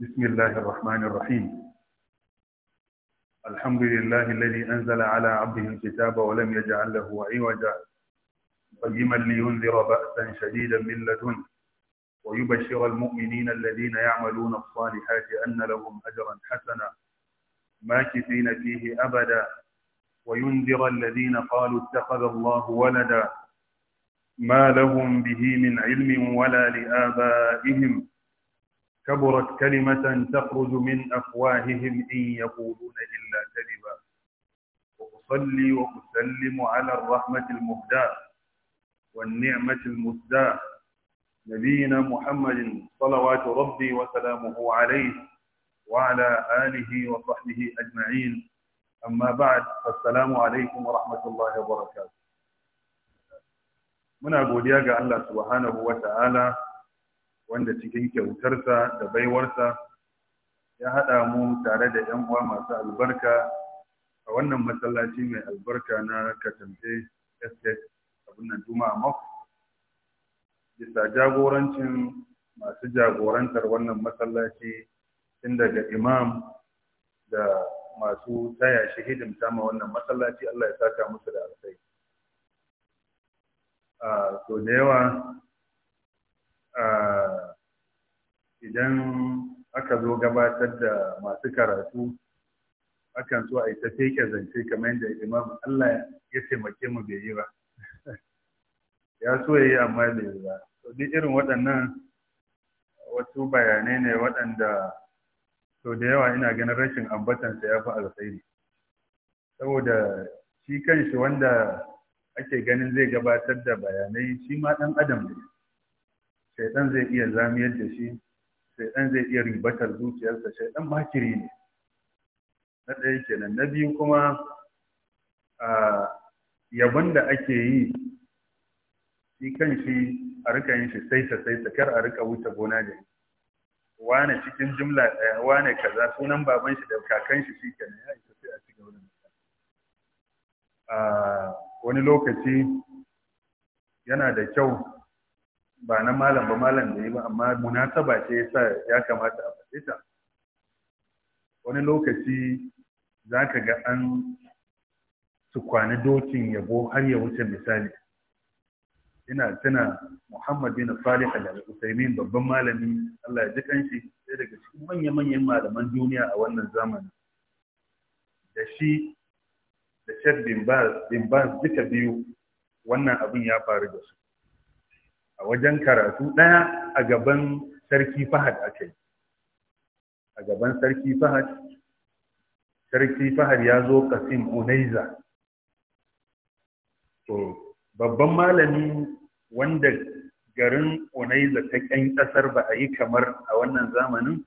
بسم الله الرحمن الرحيم الحمد لله الذي أنزل على عبده الكتاب ولم يجعل له عوجا قيما لينذر بأسا شديدا من لدن ويبشر المؤمنين الذين يعملون الصالحات أن لهم أجرا حسنا ماكثين فيه أبدا وينذر الذين قالوا اتخذ الله ولدا ما لهم به من علم ولا لآبائهم كبرت كلمة تخرج من أفواههم إن يقولون إلا كذبا وأصلي وأسلم على الرحمة المهداة والنعمة المسداة نبينا محمد صلوات ربي وسلامه عليه وعلى آله وصحبه أجمعين أما بعد السلام عليكم ورحمة الله وبركاته من أبو ga الله سبحانه وتعالى wanda cikin kyautarsa da baiwarsa ya haɗa mu tare da 'yan uwa masu albarka a wannan masallaci mai albarka na katamfe estate abin nan juma'a mako bisa jagorancin masu jagorantar wannan masallaci tun daga imam da masu taya shi hidimta ma wannan masallaci Allah ya saka musu da alkai. Ah, so da yawa Eh, idan aka zo gabatar da masu karatu akan so a yi ta feke zance kamar yadda imam Allah ya taimake mu bai yi ba ya so ya yi amma bai yi ba to duk irin waɗannan wasu bayanai ne waɗanda sau da yawa ina ganin rashin ambatansa ya fi alkhairi saboda shi kanshi wanda ake ganin zai gabatar da bayanai shi ma ɗan adam ne shaidan zai iya zamiyar da shi shaidan zai iya ribatar zuciyarsa shaidan makiri ne na ɗaya kenan na biyu kuma yabon da ake yi shi kan shi a rika yin shi saita saita kar a rika wuce gona da wane cikin jumla ɗaya wane kaza sunan baban shi da kakan shi shi kenan ya isa sai a ci gaba da wani lokaci yana da kyau ba na malam ba malam da yi ba amma munasaba ce yasa ya kamata a faɗe ta wani lokaci za ka ga an tukwane dokin yabo har ya wuce misali ina tana Muhammad bin Salih al-Utsaimin babban malami Allah ya ji kanshi sai daga cikin manya-manyan malaman duniya a wannan zamani da shi da Sheikh bin Baz duka biyu wannan abin ya faru da su a wajen karatu ɗaya a gaban sarki fahad aka yi a gaban sarki fahad sarki fahad ya zo kasim unaiza to babban malami wanda garin unaiza ta ƙyan ƙasar ba a yi kamar a wannan zamanin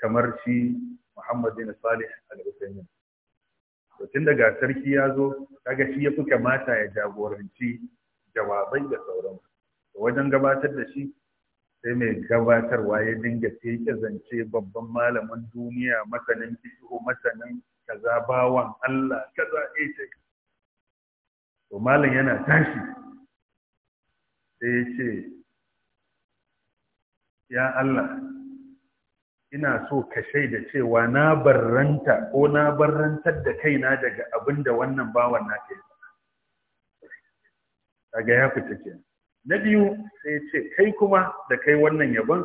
kamar shi muhammad bin salih al usaini to tun daga sarki ya zo kaga shi ya fi kamata ya jagoranci jawabai da sauransu wajen gabatar da shi sai mai gabatarwa ya dinga teke zance babban malamin duniya masanin fito masanin kaza bawan Allah kaza eh, ita to malam yana tashi sai ya ce ya Allah ina so ka shaida cewa na barranta ko na barrantar da kaina daga abin da wannan bawan na ke daga ya fita kenan na biyu sai ce kai kuma da kai wannan yabon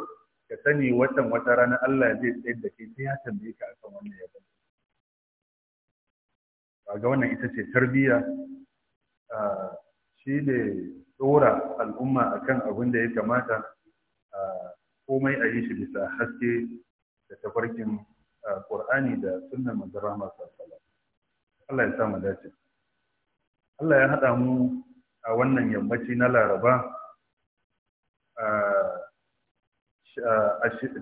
ka sani watan wata rana Allah zai tsayar da kai sai ya tambaye ka akan wannan yabon ga wannan ita ce tarbiyya shi ne tsora al'umma akan abin da ya kamata komai a yi shi bisa haske da tafarkin ƙur'ani da sunnan manzara masu sallallahu Allah ya sa mu dace Allah ya haɗa mu a wannan yammaci na laraba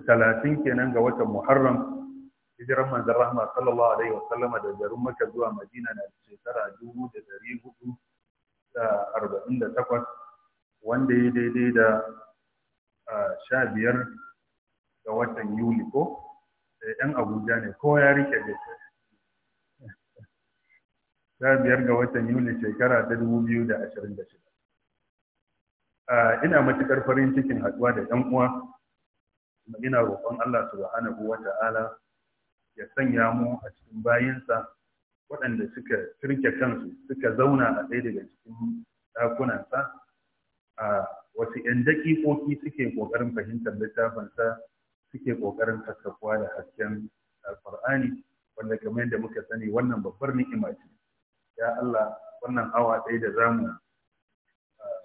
talatin kenan ga watan muharram hijiran manzan rahma sallallahu alaihi wa sallama da garin maka zuwa madina na shekara dubu da dari hudu wanda ya daidai da sha biyar ga watan yuli ko yan eh, abuja ne ko ya rike shi sha biyar ga watan yuli shekara ta dubu biyu ashirin da shida ina matukar farin cikin haɗuwa da 'yan uwa ina roƙon Allah subhanahu wa ta'ala ya sanya mu a cikin bayinsa waɗanda suka turke kansu suka zauna a ɗaya daga cikin ɗakunansa a wasu 'yan daƙiƙoƙi suke ƙoƙarin fahimtar littafinsa suke ƙoƙarin kasafuwa da hasken alƙur'ani wanda kamar yadda muka sani wannan babbar ni'ima ce ya Allah wannan awa ɗaya da zamu ah,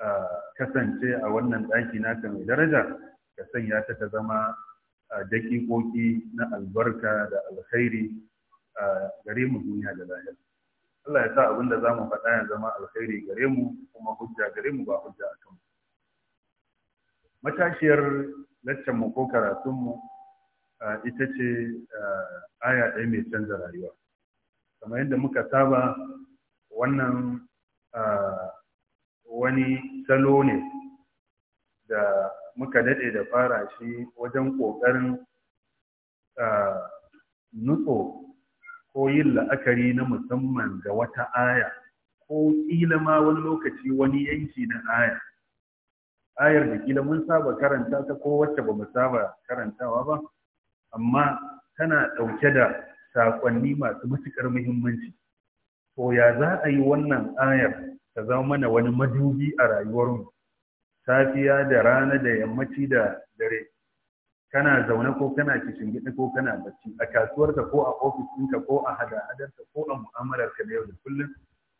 ah, kasance a wannan ɗaki naka mai daraja ka sanya ta ta zama ah, daƙiƙoƙi na albarka da alkhairi gare mu duniya da lahira Allah ya sa abin da mu faɗa ya zama alkhairi gare mu kuma hujja gare mu ba hujja a kan matashiyar laccan mu ko karatun mu ita ce aya ɗaya mai canza rayuwa kamar yadda muka saba wannan wani salo ne da muka daɗe da fara shi wajen ƙoƙarin nutso ko yin la'akari na musamman ga wata aya ko ƙila ma wani lokaci wani yanki na aya ayar da ƙila mun saba karanta ta ko wacce ba mu saba karantawa ba amma tana ɗauke da saƙonni masu matuƙar muhimmanci to ya za a yi wannan ayar ta zama mana wani madubi a rayuwar mu? safiya da rana da yammaci da dare kana zaune ko kana gida ko kana bacci a kasuwarka ko a ofis ɗinka ko a hada-hadarka ko a mu'amalarka da yau da kullum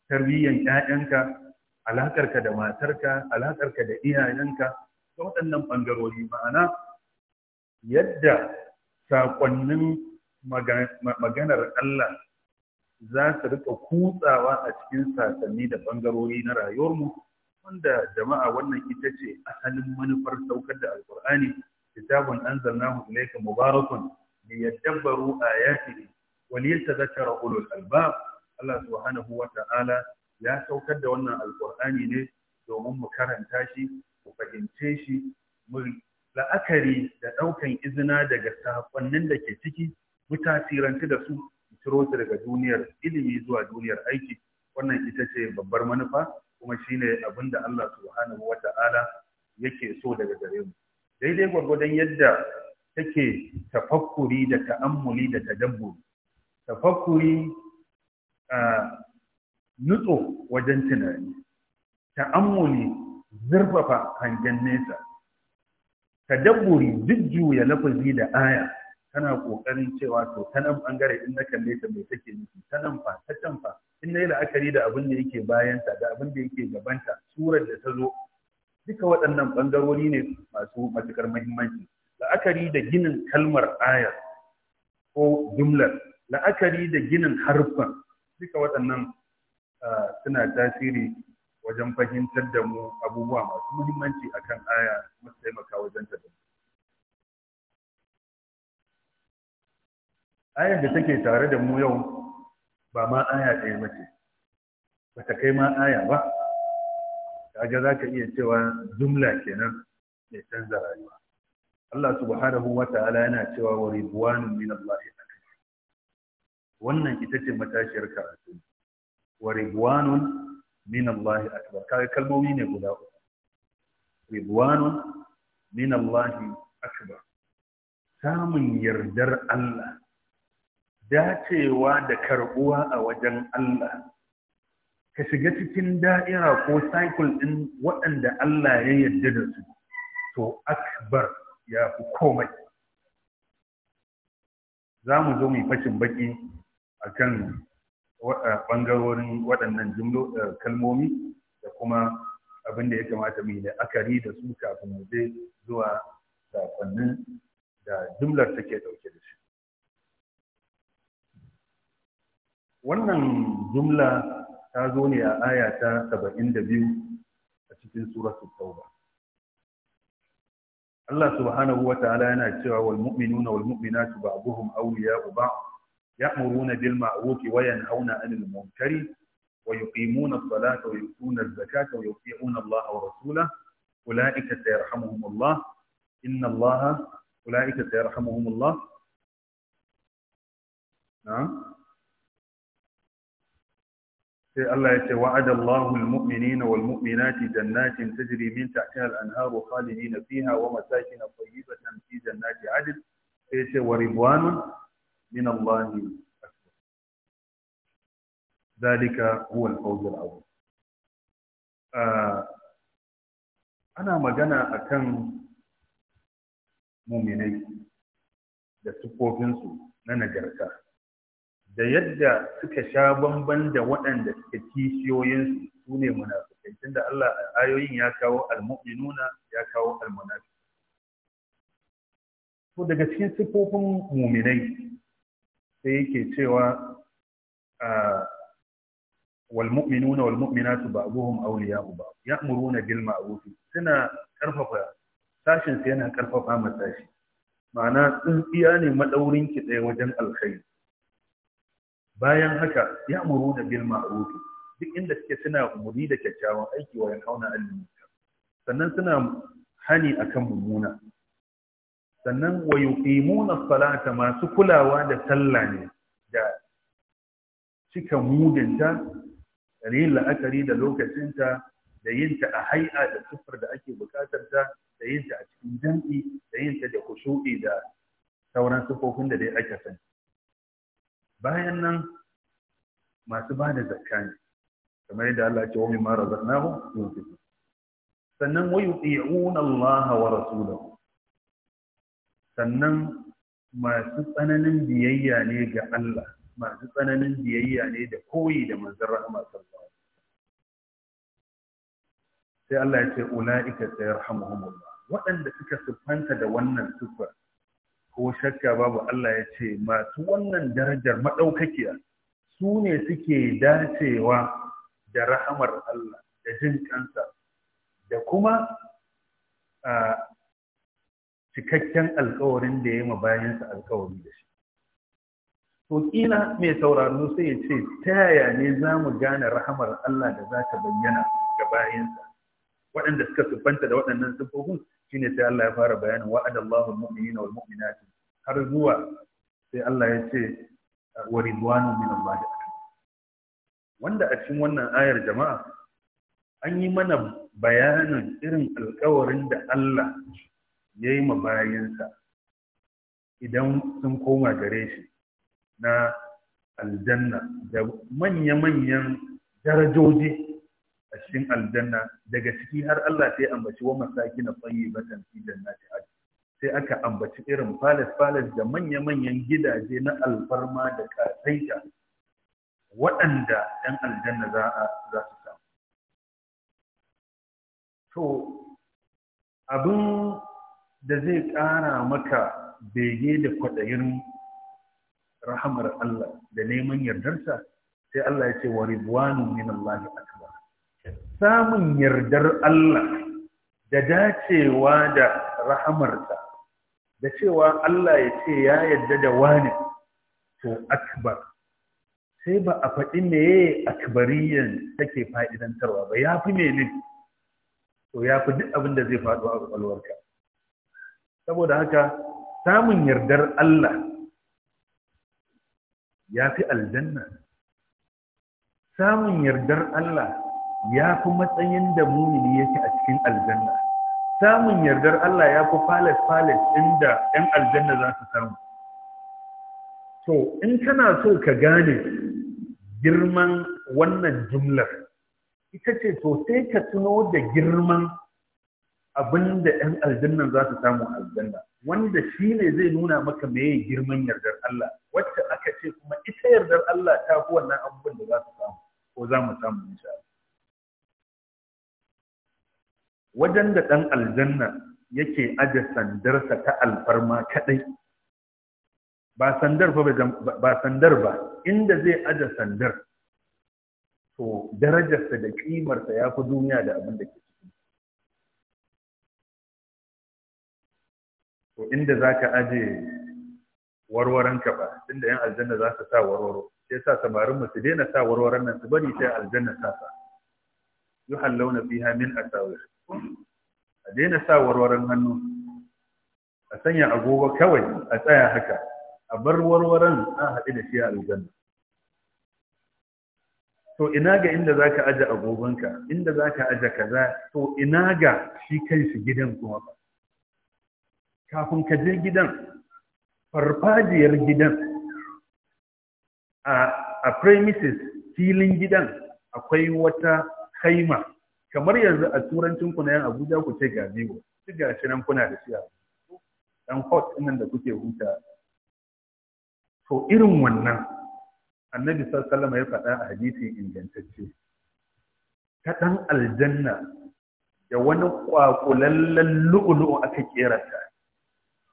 tarbiyyar 'ya'yanka alaƙarka da matarka alaƙarka da iyayenka ta waɗannan ɓangarori ma'ana yadda saƙonnin maganar Allah za su rika kutsawa a cikin sasanni da bangarori na rayuwarmu wanda jama'a wannan ita ce asalin manufar saukar da alkur'ani kitabun anzalnahu ilaika mubarakun liyadabbaru ayatihi wa liyatadhakkara ulul albab Allah subhanahu wa ta'ala ya saukar da wannan alkur'ani ne domin mu karanta shi mu fahimce shi mu la'akari da ɗaukan izina daga sakonnin da ke ciki mu da su mu ciro su daga duniyar ilimi zuwa duniyar aiki wannan ita ce babbar manufa kuma shine abin da Allah subhanahu wata'ala yake so daga gare mu daidai gwargwadon yadda take tafakkuri da ta'ammuli da tadabburi tafakkuri a nutso wajen tunani ta'ammuli zurfafa hangen nesa tadabburi jujjuya lafazi da aya tana kokarin cewa to ta nan bangare in na kalle ta mai take nufi ta nan fa ta can fa in na yi la'akari da abin da yake bayanta da abin da yake gabanta surar da ta zo duka waɗannan bangarori ne masu matukar muhimmanci la'akari da ginin kalmar ayar ko jumlar la'akari da ginin harfan duka waɗannan suna tasiri wajen fahimtar da mu abubuwa masu muhimmanci akan aya masu taimaka wajen tafiya ayar da take tare da mu yau ba ma aya ɗaya ba ce ba ta kai ma aya ba kaga za ka iya cewa jumla kenan mai canza rayuwa Allah subhanahu wa ta'ala yana cewa wa ridwanun min Allah wannan ita ce matashiyar karatu wa ridwanun min Allah akbar kaga kalmomi ne guda uku ridwanun min Allah akbar samun yardar Allah dacewa da karbuwa a wajen Allah ka shiga cikin da'ira ko cycle ɗin waɗanda Allah ya yarda da su to akbar ya fi komai za mu zo mu fashin baki a kan ɓangarorin waɗannan eh, kalmomi da kuma abin da ya kamata mu yi da akari da su kafin mu je zuwa sakonnin da jumlar take dauke da shi wannan jumla ta zo ne a aya ta 72 a cikin suratul tauba Allah subhanahu wa ta'ala yana cewa wal mu'minuna wal mu'minatu ba'dhum awliya'u ba'd ya'muruna bil ma'rufi wa yanhauna 'anil munkari wa yuqimuna as-salata wa yu'tuna az-zakata wa yuti'una Allah wa rasulahu أولئك sayarhamuhum Allah inna الله أولئك sayarhamuhum Allah نعم sai Allah ya ce wa'ada Allahu al-mu'minina wal mu'minati jannatin tajri min tahtiha al-anharu khalidina fiha wa masakin tayyibatan fi jannati 'adn sai ya ce wa ridwanun min Allah akbar dalika huwa al-fawz al-'azim ah, ana magana akan mu'minai da su na nagarta da yadda suka sha bamban da waɗanda suka kishiyoyinsu su ne munafikai tunda Allah a ayoyin ya kawo almu'minuna ya kawo almunafikai to daga cikin sifofin muminai sai yake cewa wal mu'minuna wal mu'minatu ba'dhum awliya'u ba'd ya'muruna bil ma'ruf suna karfafa sashin sai yana karfafa matashi. shi ma'ana tsintsiya ne madaurin ki tsaye wajen alkhairi bayan haka ya muru da bil ma'ruf duk inda suke suna umuri da kyakkyawan aiki wa yanhauna anil sannan suna hani akan mummuna sannan wa yuqimuna salata masu kulawa da sallah ne da cika mudinta da yin la'akari da lokacinta da yinta a hai'a da siffar da ake bukatar ta da yinta a cikin jam'i da yinta da kushu'i da sauran siffofin da dai ake sani bayan nan masu ba da zakka ne kamar yadda Allah ce wa mimma razaqnahu yunfiqun sannan wa yuti'una Allah wa rasulahu sannan masu tsananin biyayya ne ga Allah masu tsananin biyayya ne da koyi da manzon rahama sallallahu sai Allah ya ce ula'ika sayarhamuhumullah waɗanda suka siffanta da wannan siffar ko shakka babu Allah ya ce masu wannan darajar maɗaukakiya su ne suke dacewa da rahamar Allah da jin kansa da kuma a cikakken alkawarin da ya yi bayansa alkawari da shi. To kila mai sauraro sai ya ce ta yaya ne za mu gane rahamar Allah da za ta bayyana ga bayansa waɗanda suka siffanta da waɗannan siffofin shine sai Allah ya fara bayanin wa'adallahu al-mu'minina wal mu'minati har zuwa sai Allah ya ce wa ridwanu min Allah wanda a cikin wannan ayar jama'a an yi mana bayanin irin alkawarin da Allah ya yi bayansa idan sun koma gare shi na aljanna da manya-manyan darajoji a cikin aljanna daga ciki har Allah sai ambaci wa masakin tayyibatan fi jannati aji. sai aka ambaci irin palace palace da manya-manyan gidaje na alfarma da kasaita waɗanda ɗan aljanna za a za su samu to abin da zai ƙara maka bege da kwaɗayin rahamar Allah da neman yardarsa sai Allah ya ce wa ridwanu min Allah samun yardar Allah da dacewa da rahamarsa da cewa Allah ya ce ya yadda da wani to akbar sai ba a faɗi meye akbariyan take fa'idantarwa ba ya fi mene to ya fi duk abin da zai faɗo a ƙwalwarka. saboda haka samun yardar Allah ya fi aljanna samun yardar Allah ya fi matsayin da mumini yake a cikin aljanna samun yardar Allah ya fi falet ɗin inda 'yan aljanna za su samu to in kana so ka gane girman wannan jumlar ita ce to sai ka tuno da girman abin da 'yan aljanna za su samu aljanna wanda shi ne zai nuna maka meye girman yardar Allah wacce aka ce kuma ita yardar Allah ta fi wannan abubuwan da za su samu ko za mu samu insha Allah wajen da ɗan aljanna yake aje sandarsa ta alfarma kaɗai ba sandar ba inda zai aje sandar to darajarsa da ƙimarsa ya fi duniya da abin da ke ciki to inda za ka aje ka ba inda 'yan aljanna za su sa warwaro sai sa samarin su daina sa warwaran nan su bari sai aljanna sa sa yuhallawna fiha min asawir a daina sa warwaran hannu a sanya agogo kawai a tsaya haka a bar warwaran a haɗu da shi a aljanna to ina ga inda za ka aje agogonka inda za ka aje kaza to ina ga shi kansu gidan kuma ba kafin ka je gidan farfajiyar gidan a premises filin gidan akwai wata haima kamar yanzu a turancin ku na yan Abuja ku ce ga ku ga nan kuna da shi a dan hot nan da kuke huta to irin wannan annabi sallallahu ya faɗa a hadisi ingantacce ta dan aljanna da wani kwakulallen lu'ulu'u aka kera ta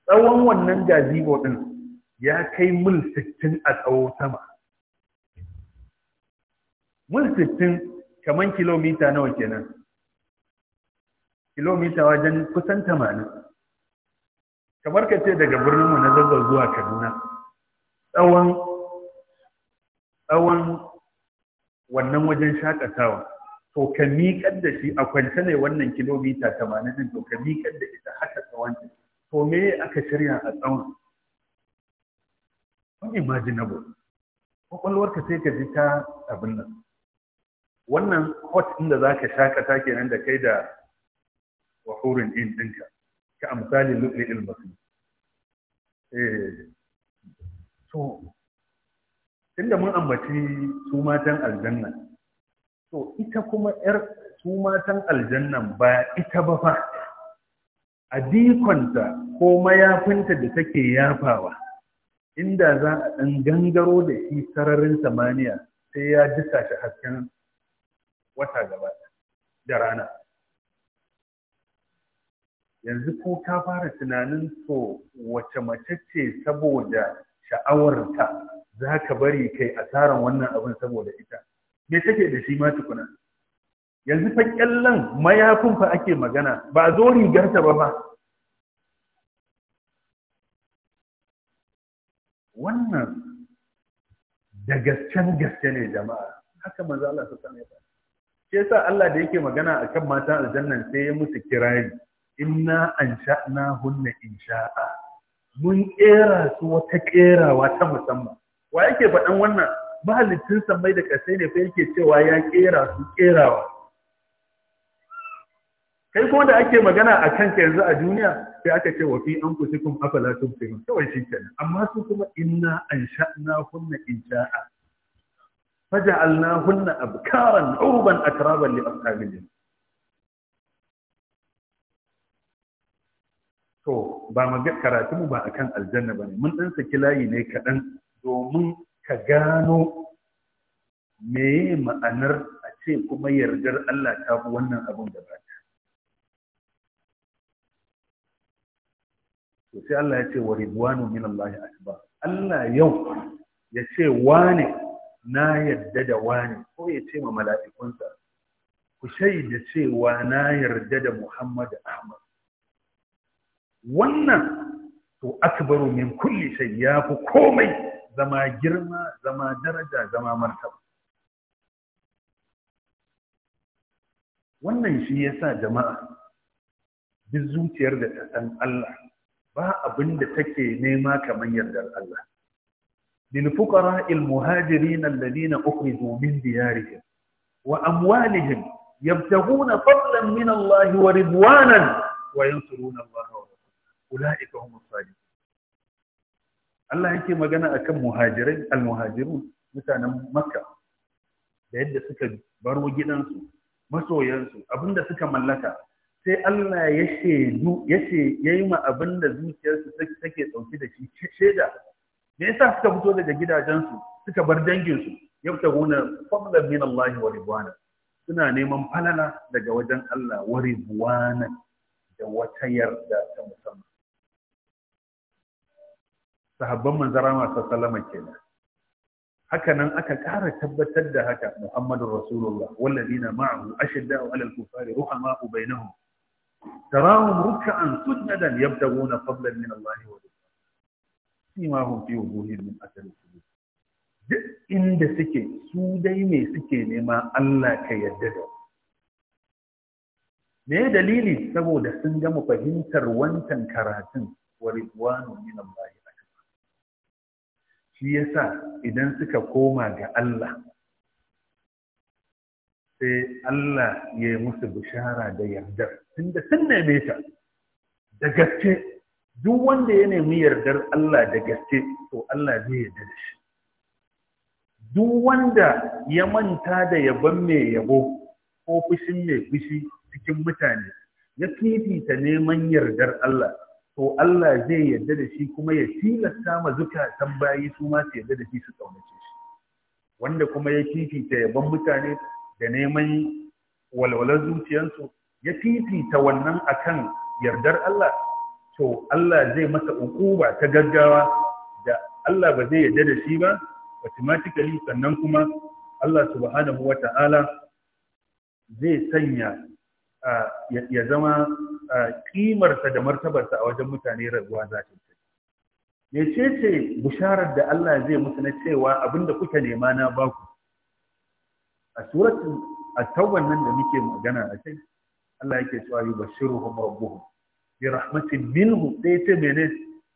tsawon wannan gazebo din ya kai mil 60 a tsawo sama mil kaman kilomita nawa kenan kilomita wajen kusan tamanin kamar ka ce daga birninmu na zazzau zuwa kaduna tsawon tsawon wannan wajen shakatawa to ka miƙar da shi a kwance ne wannan kilomita tamanin din to ka miƙar da ita haka tsawon to me aka shirya a tsawon unimaginable Ƙwaƙwalwarka sai ka ji ta abin nan wannan hot inda za ka shakata nan da kai da wahurin in ɗinka ka a misalin lulli so eh. inda mun ambaci su matan aljanna to ita kuma yar su matan aljannan ba ita ba fa a dikonta ko mayafinta da take yafawa inda za a ɗan gangaro da shi sararin samaniya sai ya disa shi hasken wata gaba da rana yanzu ko ka fara tunanin so wace mace ce saboda sha'awarta za ka bari kai asaran wannan abin saboda ita me take da shi ma tukuna yanzu fa kyallan mayafin fa ake magana ba zo rigarta ba fa wannan da gasken gaske ne jama'a haka manzo Allah sallallahu alaihi wasallam shi yasa Allah da yake magana a kan mata aljannan sai ya musu kirari inna ansha'na hunna insha'a mun kera su wata kerawa ta musamman wa yake faɗan wannan san mai da ƙasai ne fa yake cewa ya kera su kerawa kai kuma da ake magana a kanka yanzu a duniya sai aka ce wa fi an kusi kun afala sun fi kawai shi kenan amma su kuma inna an sha'na kunna insha'a فجعلناهن أبكارا عربا أترابا لأصحاب الجنة to ba mu karatu ba akan aljanna bane mun dan saki layi ne kaɗan domin ka gano me ma'anar a ce kuma yardar Allah ta fi wannan abun da ba ta to sai Allah ya ce wa ridwanu min Allah akbar Allah yau ya ce wane na yarda da wani ko ya ce ma mala'ikunsa ku shaida cewa na yarda da Muhammadu Ahmad wannan to akbaru min kulli shay ya fi komai zama girma zama daraja zama martaba wannan shi yasa jama'a duk zuciyar da ta san Allah ba abinda da take nema kamar yardar Allah للفقراء المهاجرين الذين أخرجوا من ديارهم وأموالهم يبتغون فضلا من الله ورضوانا وينصرون الله ورسوله أولئك هم الصادقون Allah yake magana akan muhajirai almuhajirun mutanen Makka da yadda suka baro gidansu masoyansu abinda suka mallaka sai Allah ya shaidu ya yi ma abinda zuciyarsu take dauke da shi shaida me yasa suka fito daga gidajensu suka bar danginsu gona fadlan min Allah wa ridwana suna neman falala daga wajen Allah wa ridwana da wata yarda ta musamman sahabban manzara masu salama kenan hakanan aka ƙara tabbatar da haka Muhammadur Rasulullah wallazina ma'ahu ashidda'u 'alal kufari ruhama'u bainahum tarahum ruk'an sujadan yabtaguna fadlan min Allah wa ma fi min duk inda suke su dai me suke nema Allah ka yadda da me dalili saboda sun gama fahimtar wancan karatun wa ridwanu min Allah shi yasa idan suka koma ga Allah sai Allah ya yi musu bishara da yardar tunda sun neme ta da gaske duk wanda ya nemi yardar Allah da gaske to Allah zai yarda da shi duk wanda ya manta da yabon mai yabo ko fushin mai fushi cikin mutane ya fifita neman yardar Allah to Allah zai yarda da shi kuma ya tilasta ma zukatan bayi su ma su yarda da shi su kaunace shi wanda kuma ya fifita yabon mutane da neman walwalar zuciyarsu ya fifita wannan akan yardar Allah to Allah zai masa ukuba ta gaggawa da Allah ba zai yarda da shi ba automatically sannan kuma Allah subhanahu wata'ala zai sanya ya zama kimarsa da martabarsa a wajen mutane raguwa za ta mece ce bisharar da Allah zai musu na cewa abinda kuka nema na baku a suratul at nan da muke magana a cikin Allah yake cewa yubashiruhum rabbuhum bi rahmatin minhu sai ce mene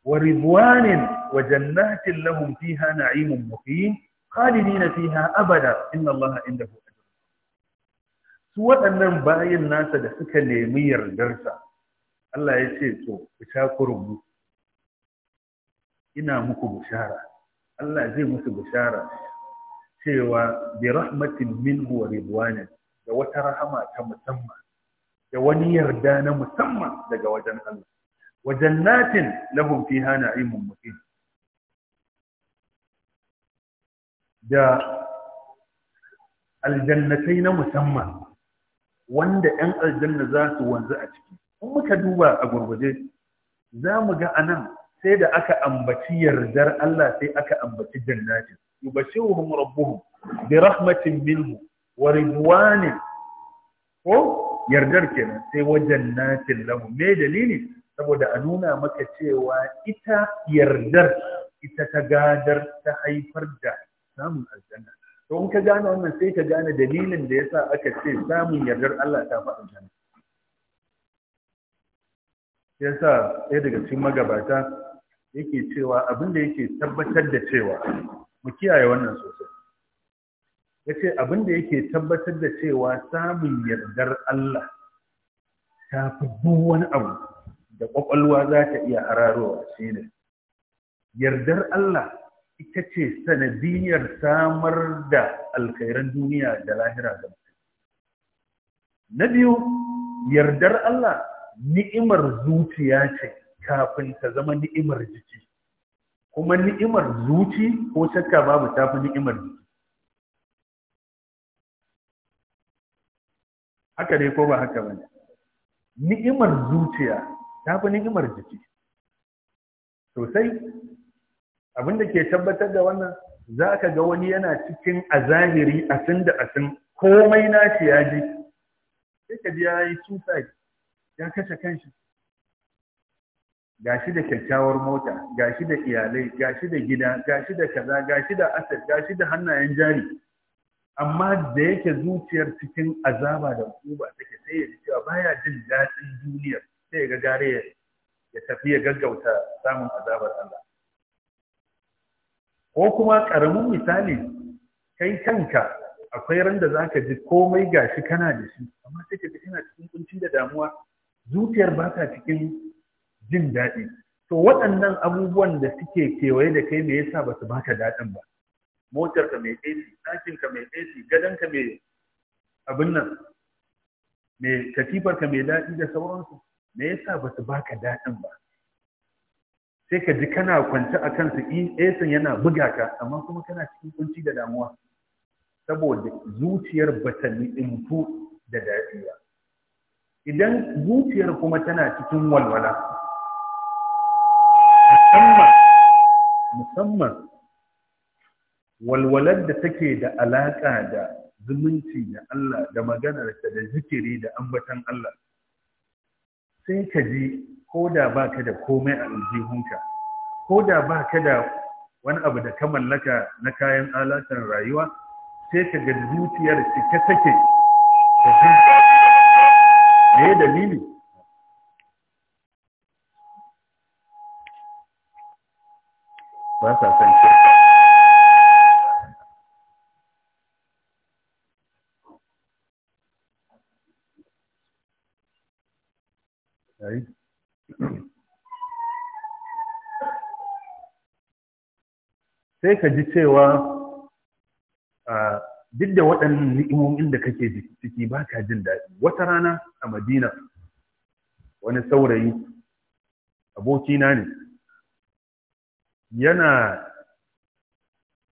wa ridwanin wa jannatin lahum fiha na'imun muqim khalidina fiha abada inna Allah indahu ajr su waɗannan bayin nasa da suka nemi yardarsa Allah ya ce to ku takurumu ina muku bishara Allah zai musu bishara cewa bi rahmatin minhu wa ridwanin da wata rahama ta musamman da wani yarda na musamman daga wajen Allah natin jannatin lahum fiha na'imun muqim da aljannatai na musamman wanda 'yan aljanna za su wanzu a ciki in muka duba a gurguje za mu ga anan sai da aka ambaci yardar Allah sai aka ambaci jannatin yubashiruhum rabbuhum bi rahmatin minhu wa ridwanin ko yardar kenan sai wajen natin lahu me dalili saboda a nuna maka cewa ita yardar ita ta gadar ta haifar da samun aljanna to in ka gane wannan sai ka gane dalilin da yasa aka ce samun yardar Allah ta fi aljanna yasa ɗaya daga cikin magabata yake cewa abin da yake tabbatar da cewa mu kiyaye wannan sosai ya ce abin da yake tabbatar da cewa samun yardar Allah ta fi duk wani abu da ƙwaƙwalwa za ta iya hararowa shi ne yardar Allah ita ce sanadiyar samar da alkhairan duniya da lahira ga na biyu yardar Allah ni'imar zuciya ce kafin ta zama ni'imar jiki kuma ni'imar zuci ko shakka babu fi ni'imar jiki haka dai ko ba haka ba ne? ni'imar zuciya ta fi ni'imar jiki sosai abinda ke tabbatar da wannan za ka ga wani yana cikin azahiri asin da asin komai na shi ya ji sai ka ji ya yi suicide ya kashe kanshi gashi da kyakkyawar mota gashi da iyalai gashi da gida gashi da kaza gashi da asir gashi da hannayen jari amma da yake zuciyar cikin azaba da hukuma take sai ya ji cewa baya jin daɗin duniyar sai ya ga gare ya tafi ya gaggauta samun azabar Allah ko kuma ƙaramin misali kai kanka akwai randa da zaka ji komai gashi kana da shi amma take ka kana cikin kunci da damuwa zuciyar ba ta cikin jin daɗi to waɗannan abubuwan da suke kewaye da kai me yasa ba su baka daɗin ba motar ka mai AC ɗakin ka mai AC gadon ka mai abin nan mai katifar ka mai daɗi da sauransu me yasa ba su baka daɗin ba sai ka ji kana kwance a kansu esin yana buga ka amma kuma kana cikin kunci da damuwa saboda zuciyar ba ta ni'imtu da daɗi ba idan zuciyar kuma tana cikin walwala musamman walwalar da take da alaƙa da zumunci da Allah da maganarsa da zikiri da ambatan Allah sai ka ji ko da ba ka da komai a aljihunka ko da ba ka da wani abu da ka mallaka na kayan alatan rayuwa sai ka ga zuciyar cike take da zuciya me dalili ba sa san sai ka ji cewa duk da waɗannan ni'imomin da kake ciki ba ka jin daɗi wata rana a madina wani saurayi abokina ne yana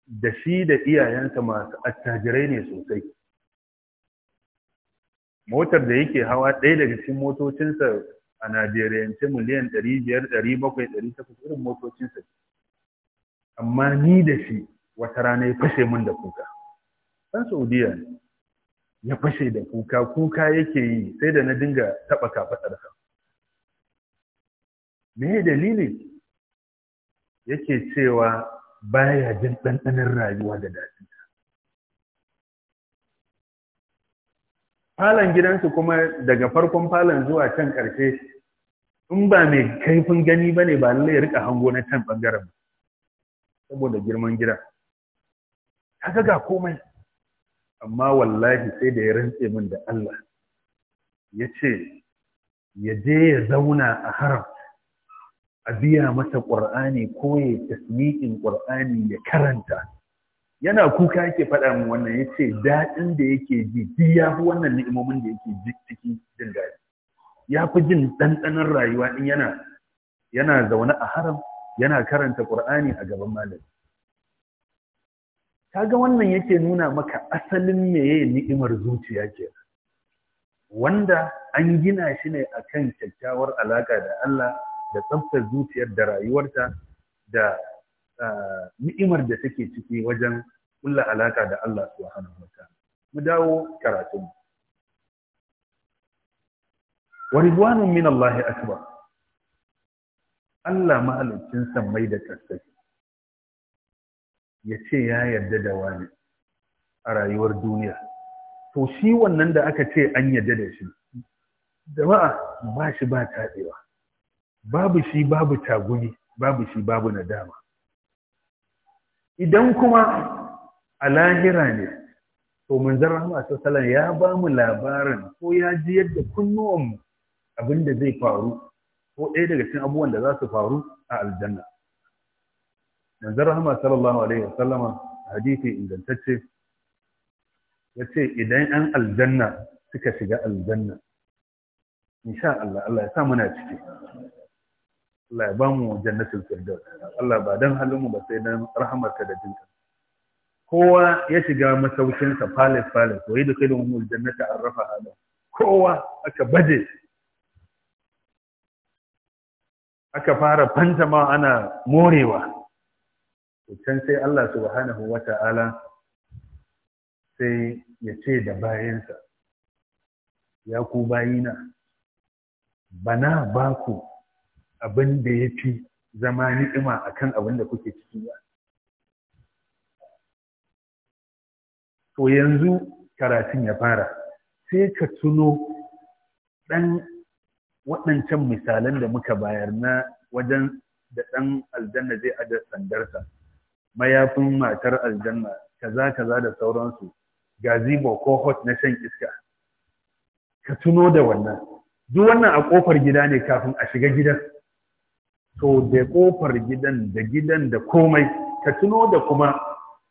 da shi da iyayensa masu attajirai ne sosai motar da yake hawa ɗaya daga cikin motocinsa a najeriyance miliyan 500 700 irin motocin motocinsa amma ni da shi wata rana ya fashe min da kuka ɗan saudiya ya fashe da kuka kuka yake yi sai da na dinga taɓa kafaɗarsa me dalili yake cewa baya jin ɗanɗanin rayuwa da daɗi falon gidansu kuma daga farkon falon zuwa can ƙarshe in ba mai kaifin gani ba ne ba lallai rika hango na can ɓangaren ba saboda girman gida Ta ga komai amma wallahi sai da ya rantse min da Allah ya ce ya je ya zauna a haram a biya masa ƙur'ani ko ya tasmiƙin ƙur'ani ya karanta yana kuka yake faɗa min wannan ya ce daɗin da yake ji duk ya fi wannan ni'imomin da yake ji ciki jin daɗi ya fi jin ɗanɗanon rayuwa in yana yana zaune a haram yana karanta ƙur'ani a gaban malami kaga wannan yake nuna maka asalin meye ni'imar zuciya ke wanda an gina shi ne a kan kyakkyawar alaƙa da Allah da tsaftar zuciyar da rayuwarta da ah, ni'imar da take ciki wajen kulla alaka da Allah subhanahu wa ta'ala mu dawo karatun wa ridwanun min Allah akbar Allah mahalicin sammai da kasai ya ce ya yarda da wani a rayuwar duniya to shi wannan da aka ce an yarda da shi jama'a ba shi ba taɗewa babu shi babu taguni babu shi babu nadama idan kuma a lahira ne to manzon rahama sallallahu ya ba mu labarin ko ya ji yadda kunnuwanmu abin da zai faru ko ɗaya daga cikin abubuwan da za su faru a aljanna manzon rahama sallallahu alaihi a hadisi ingantacce ya ce idan an aljanna suka shiga aljanna insha Allah Allah ya sa muna ciki Allah ya ba mu jannatin firdaus Allah ba dan halin mu ba sai dan rahamarka da jinka kowa ya shiga masaukinsa palace palace wa yadkhuluhum an arrafa hada kowa aka baje aka fara fantama ana morewa can sai Allah subhanahu Ta'ala sai ya ce da bayansa ya ku bayina bana baku abin da ya fi zama ni'ima akan abin da kuke ciki ba to yanzu karatun ya fara sai ka tuno ɗan waɗancan misalan da muka bayar na wajen da ɗan aljanna zai ada sandarsa mayafin matar aljanna kaza kaza da sauransu gazebo ko hot na shan iska ka tuno da wannan duk wannan a kofar gida ne kafin a shiga gidan to da kofar gidan da gidan da komai ka tuno da kuma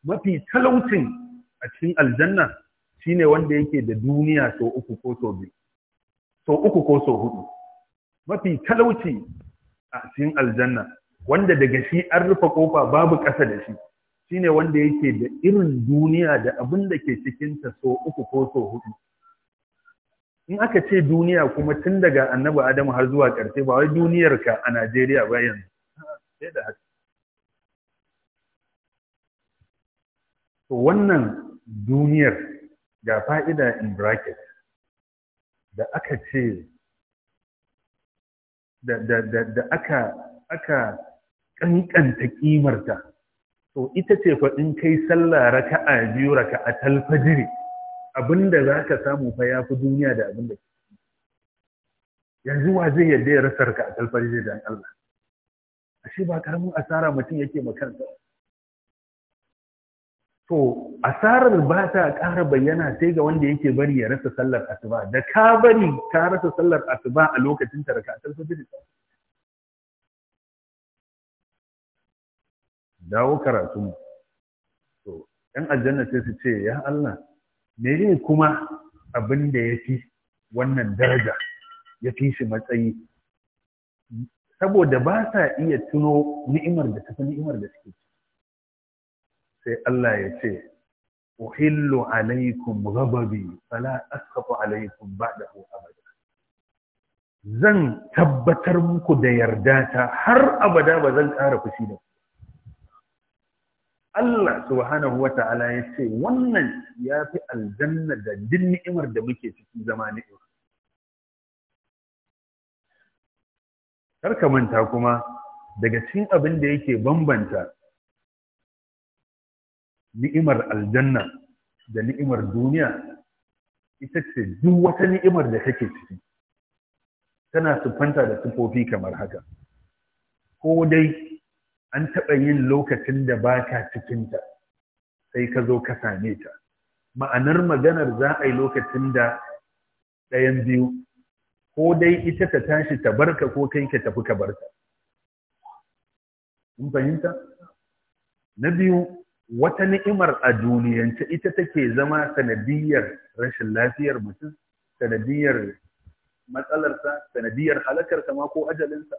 mafi talaucin a cikin aljanna shine wanda yake da duniya sau uku ko sau biyu so uku ko so hudu mafi talauci a cikin aljanna wanda daga shi an rufe kofa babu ƙasa da shi shine wanda yake da irin duniya da abin da ke cikinta sau uku ko sau hudu in aka ce duniya kuma tun daga annabi adamu har zuwa karshe ba wai duniyarka a najeriya ba yanzu da haka to wannan duniyar ga fa'ida in bracket da aka ce da aka aka kankanta kimarta to ita ce fa in kai sallah raka'a biyu raka'a talfajiri abinda zaka samu fa yafi duniya da abinda yanzu wa zai yadda ya rasa raka'a talfajiri da Allah ashe ba karamin asara mutum yake ma kansa to asarar ba ta ƙara bayyana sai ga wanda yake bari ya rasa sallar asuba da ka bari ka rasa sallar asuba a lokacin tarka ta fajr dawo karatu to 'yan aljanna sai su ce ya Allah mene kuma abin da ya fi wannan daraja ya fi shi matsayi saboda ba sa iya tuno ni'imar da ta fi ni'imar da suke sai Allah ya ce uhillu alaikum ghadabi fala asqatu alaikum ba'dahu abada zan tabbatar muku da yarda ta har abada ba zan ƙara fushi da ku Allah subhanahu ya ce wannan ya fi aljanna da duk ni'imar da muke ciki zama Kar ka manta kuma daga cikin abin da yake bambanta ni'imar aljanna da ni'imar duniya ita ce duk wata ni'imar da take ciki tana sufanta da siffofi kamar haka ko dai an taɓa yin lokacin da ba ka cikinta sai ka zo ka same ta ma'anar maganar za a yi lokacin da ɗayan biyu ko dai ita ta tashi ta barka ko kai ka tafi ka barka. In fahimta? Na biyu wata ni'imar a duniyance ita take zama sanadiyar rashin lafiyar mutum sanadiyar matsalarsa sanadiyar halakarsa ma ko ajalinsa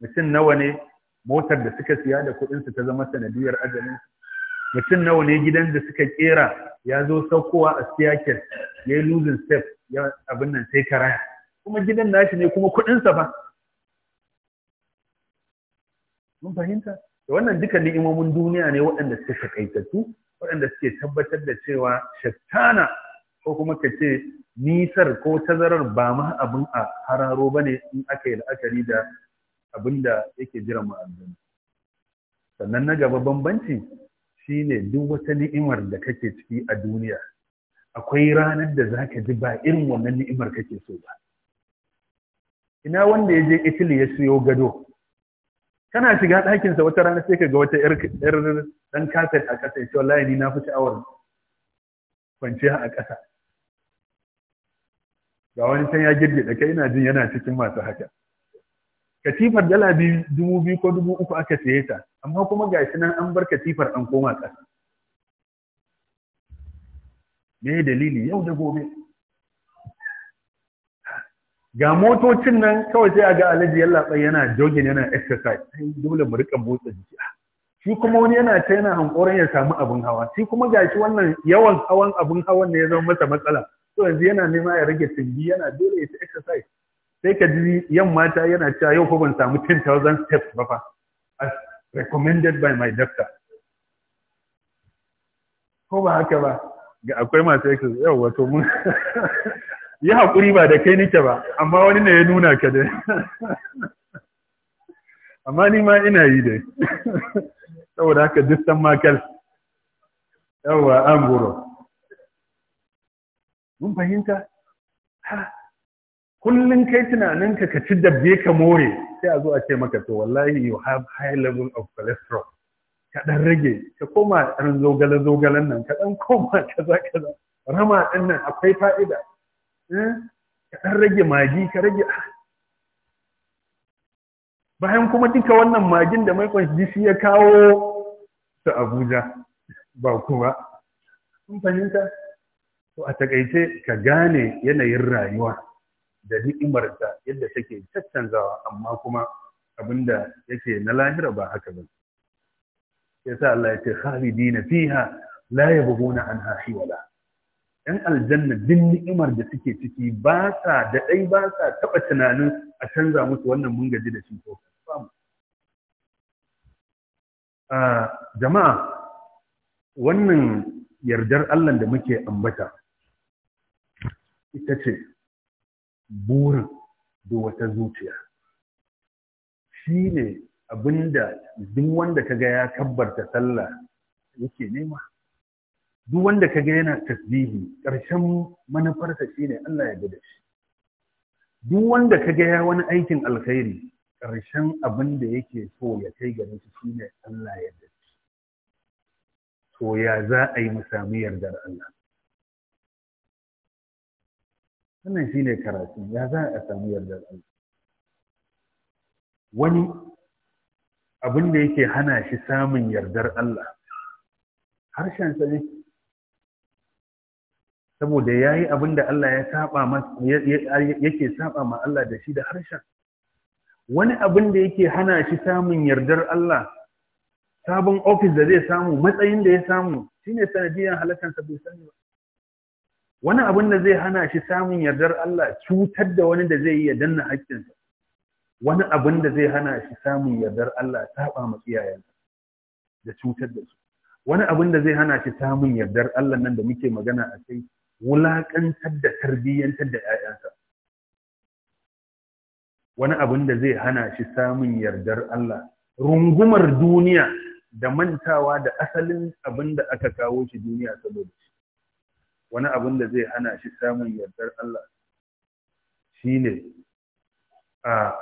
mutum nawa ne motar da suka siya da kuɗinsa ta zama sanadiyar ajalinsa mutum nawa ne gidan da suka kera ya zo saukowa a siyakin ya yi losing step ya abin nan sai karaya kuma gidan nashi ne kuma kuɗinsa ba mun fahimta da wannan duka ni'imomin duniya ne waɗanda suke takaitattu waɗanda suke tabbatar da cewa shattana ko kuma ka ce nisar ko tazarar ba ma abin a hararo ba ne in aka yi la'akari da abin da yake jiran mu sannan na gaba bambanci shine duk wata ni'imar da kake ciki a duniya akwai ranar da za ka ji ba irin wannan ni'imar kake so ba ina wanda ya je Italy ya siyo gado kana shiga ɗakinsa wata rana sai ka ga wata yar ɗan kafet a ƙasa ya ce wallahi ni na fi sha'awar kwanciya a ƙasa ga wani can ya da kai ina jin yana cikin masu haka katifar dala dubu biyu ko dubu uku aka siye ta amma kuma ga shi nan an bar katifar an koma ƙasa me dalili yau da gobe ga motocin nan kawai sai a ga alaji yalla bai yana jogin yana exercise sai dole mu rika motsa jiki ah, shi kuma wani yana ta yana hankoran ya samu abin hawa shi kuma gashi wannan yawan hawan abin hawan ne ya zama masa matsala to yanzu yana nema ya rage tumbi yana dole ya ta exercise sai ka ji yamma ta yana cewa yau ko ban samu 10000 steps ba fa as recommended by my doctor ko ba haka ba ga akwai masu exercise yau wato mun yi haƙuri ba da kai nike ba amma wani ne ya nuna ka dai amma ni ma ina yi dai saboda haka distan makal yawwa an goro mun fahimta kullum kai tunaninka ka ci dabbe ka more sai a zo a ce maka to wallahi you have high level of cholesterol ka dan rage ka koma ɗan zogale zogalen nan ka dan koma kaza kaza rama ɗin nan akwai fa'ida Eh? ka ɗan rage magi ka rage ah. bayan kuma duka wannan magin da mai maikon shi ya kawo ta abuja ba kuma sun fahimta to a takaice ka gane yanayin rayuwa da ni'imarta yadda take caccanzawa amma kuma abinda yake na lahira ba haka ba ya sa Allah ya ce khalidina fiha la yabghuna anha hiwala yan aljanna bin ni'imar da suke ciki ba sa da ɗai ba sa taɓa tunanin a canza musu wannan mun gaji da shi ko jama'a wannan yardar Allah da muke ambata ita ce burin da wata zuciya shi ne abinda duk wanda ka ga ya tabbarta sallah yake nema duk wanda ka ga yana tasbihi ƙarshen manufarsa shine Allah ya gada shi duk wanda ka ga ya wani aikin alkhairi ƙarshen abin da yake so ya kai gare shi shine Allah ya gada shi to ya za a yi mu sami yardar Allah wannan shi ne karatu ya za a sami yardar Allah wani abin da yake hana shi samun yardar Allah harshen sa ne saboda ya yi abin da Allah ya saba yake saba ma Allah da shi da harshen wani abin da yake hana shi samun yardar Allah sabon ofis da zai samu matsayin da ya samu shine sanadiyar halakansa bai sani ba wani abin da zai hana shi samun yardar Allah cutar da wani da zai yi ya danna haƙƙinsa wani abin da zai hana shi samun yardar Allah saba ma iyayensa da cutar da su wani abin da zai hana shi samun yardar Allah nan da muke magana a kai wulaƙantar da tarbiyyantar da ‘ya'yansa wani abin da zai hana shi samun yardar Allah rungumar duniya da mantawa da asalin abin da aka kawo shi duniya saboda shi wani abin da zai hana shi samun yardar Allah shi ne a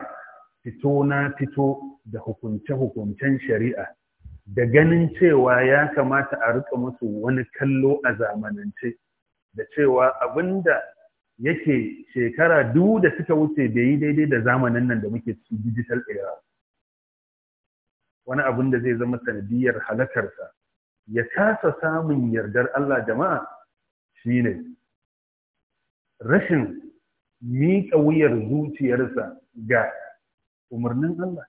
fito na fito da hukunce-hukuncen shari'a da ganin cewa ya kamata a rika musu wani kallo a zamanance da cewa abinda yake shekara dubu da suka wuce da yi daidai da zamanin nan da muke ciki digital era wani abin da zai zama sanadiyar halakarsa ya kasa samun yardar Allah jama'a shine rashin miƙa wuyar zuciyarsa ga umarnin Allah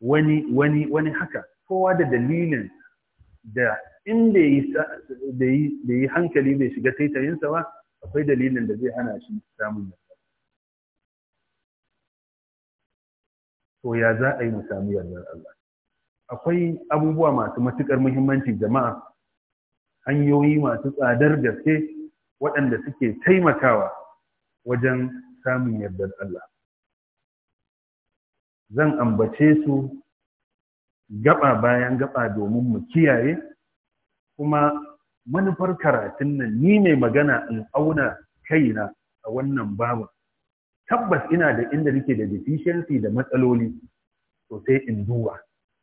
wani wani haka kowa da dalilin da in bai yi hankali bai shiga taitayinsa ba akwai dalilin da zai hana shi samun yarda to ya za a yi mu samu yardar Allah akwai abubuwa masu matukar muhimmanci jama'a hanyoyi masu tsadar gaske waɗanda suke taimakawa wajen samun yardar Allah zan ambace su gaba bayan gaba domin mu kiyaye kuma manufar karatun nan ni mai magana in auna kaina a wannan babu tabbas ina da inda nake da deficiency da matsaloli to sai in duba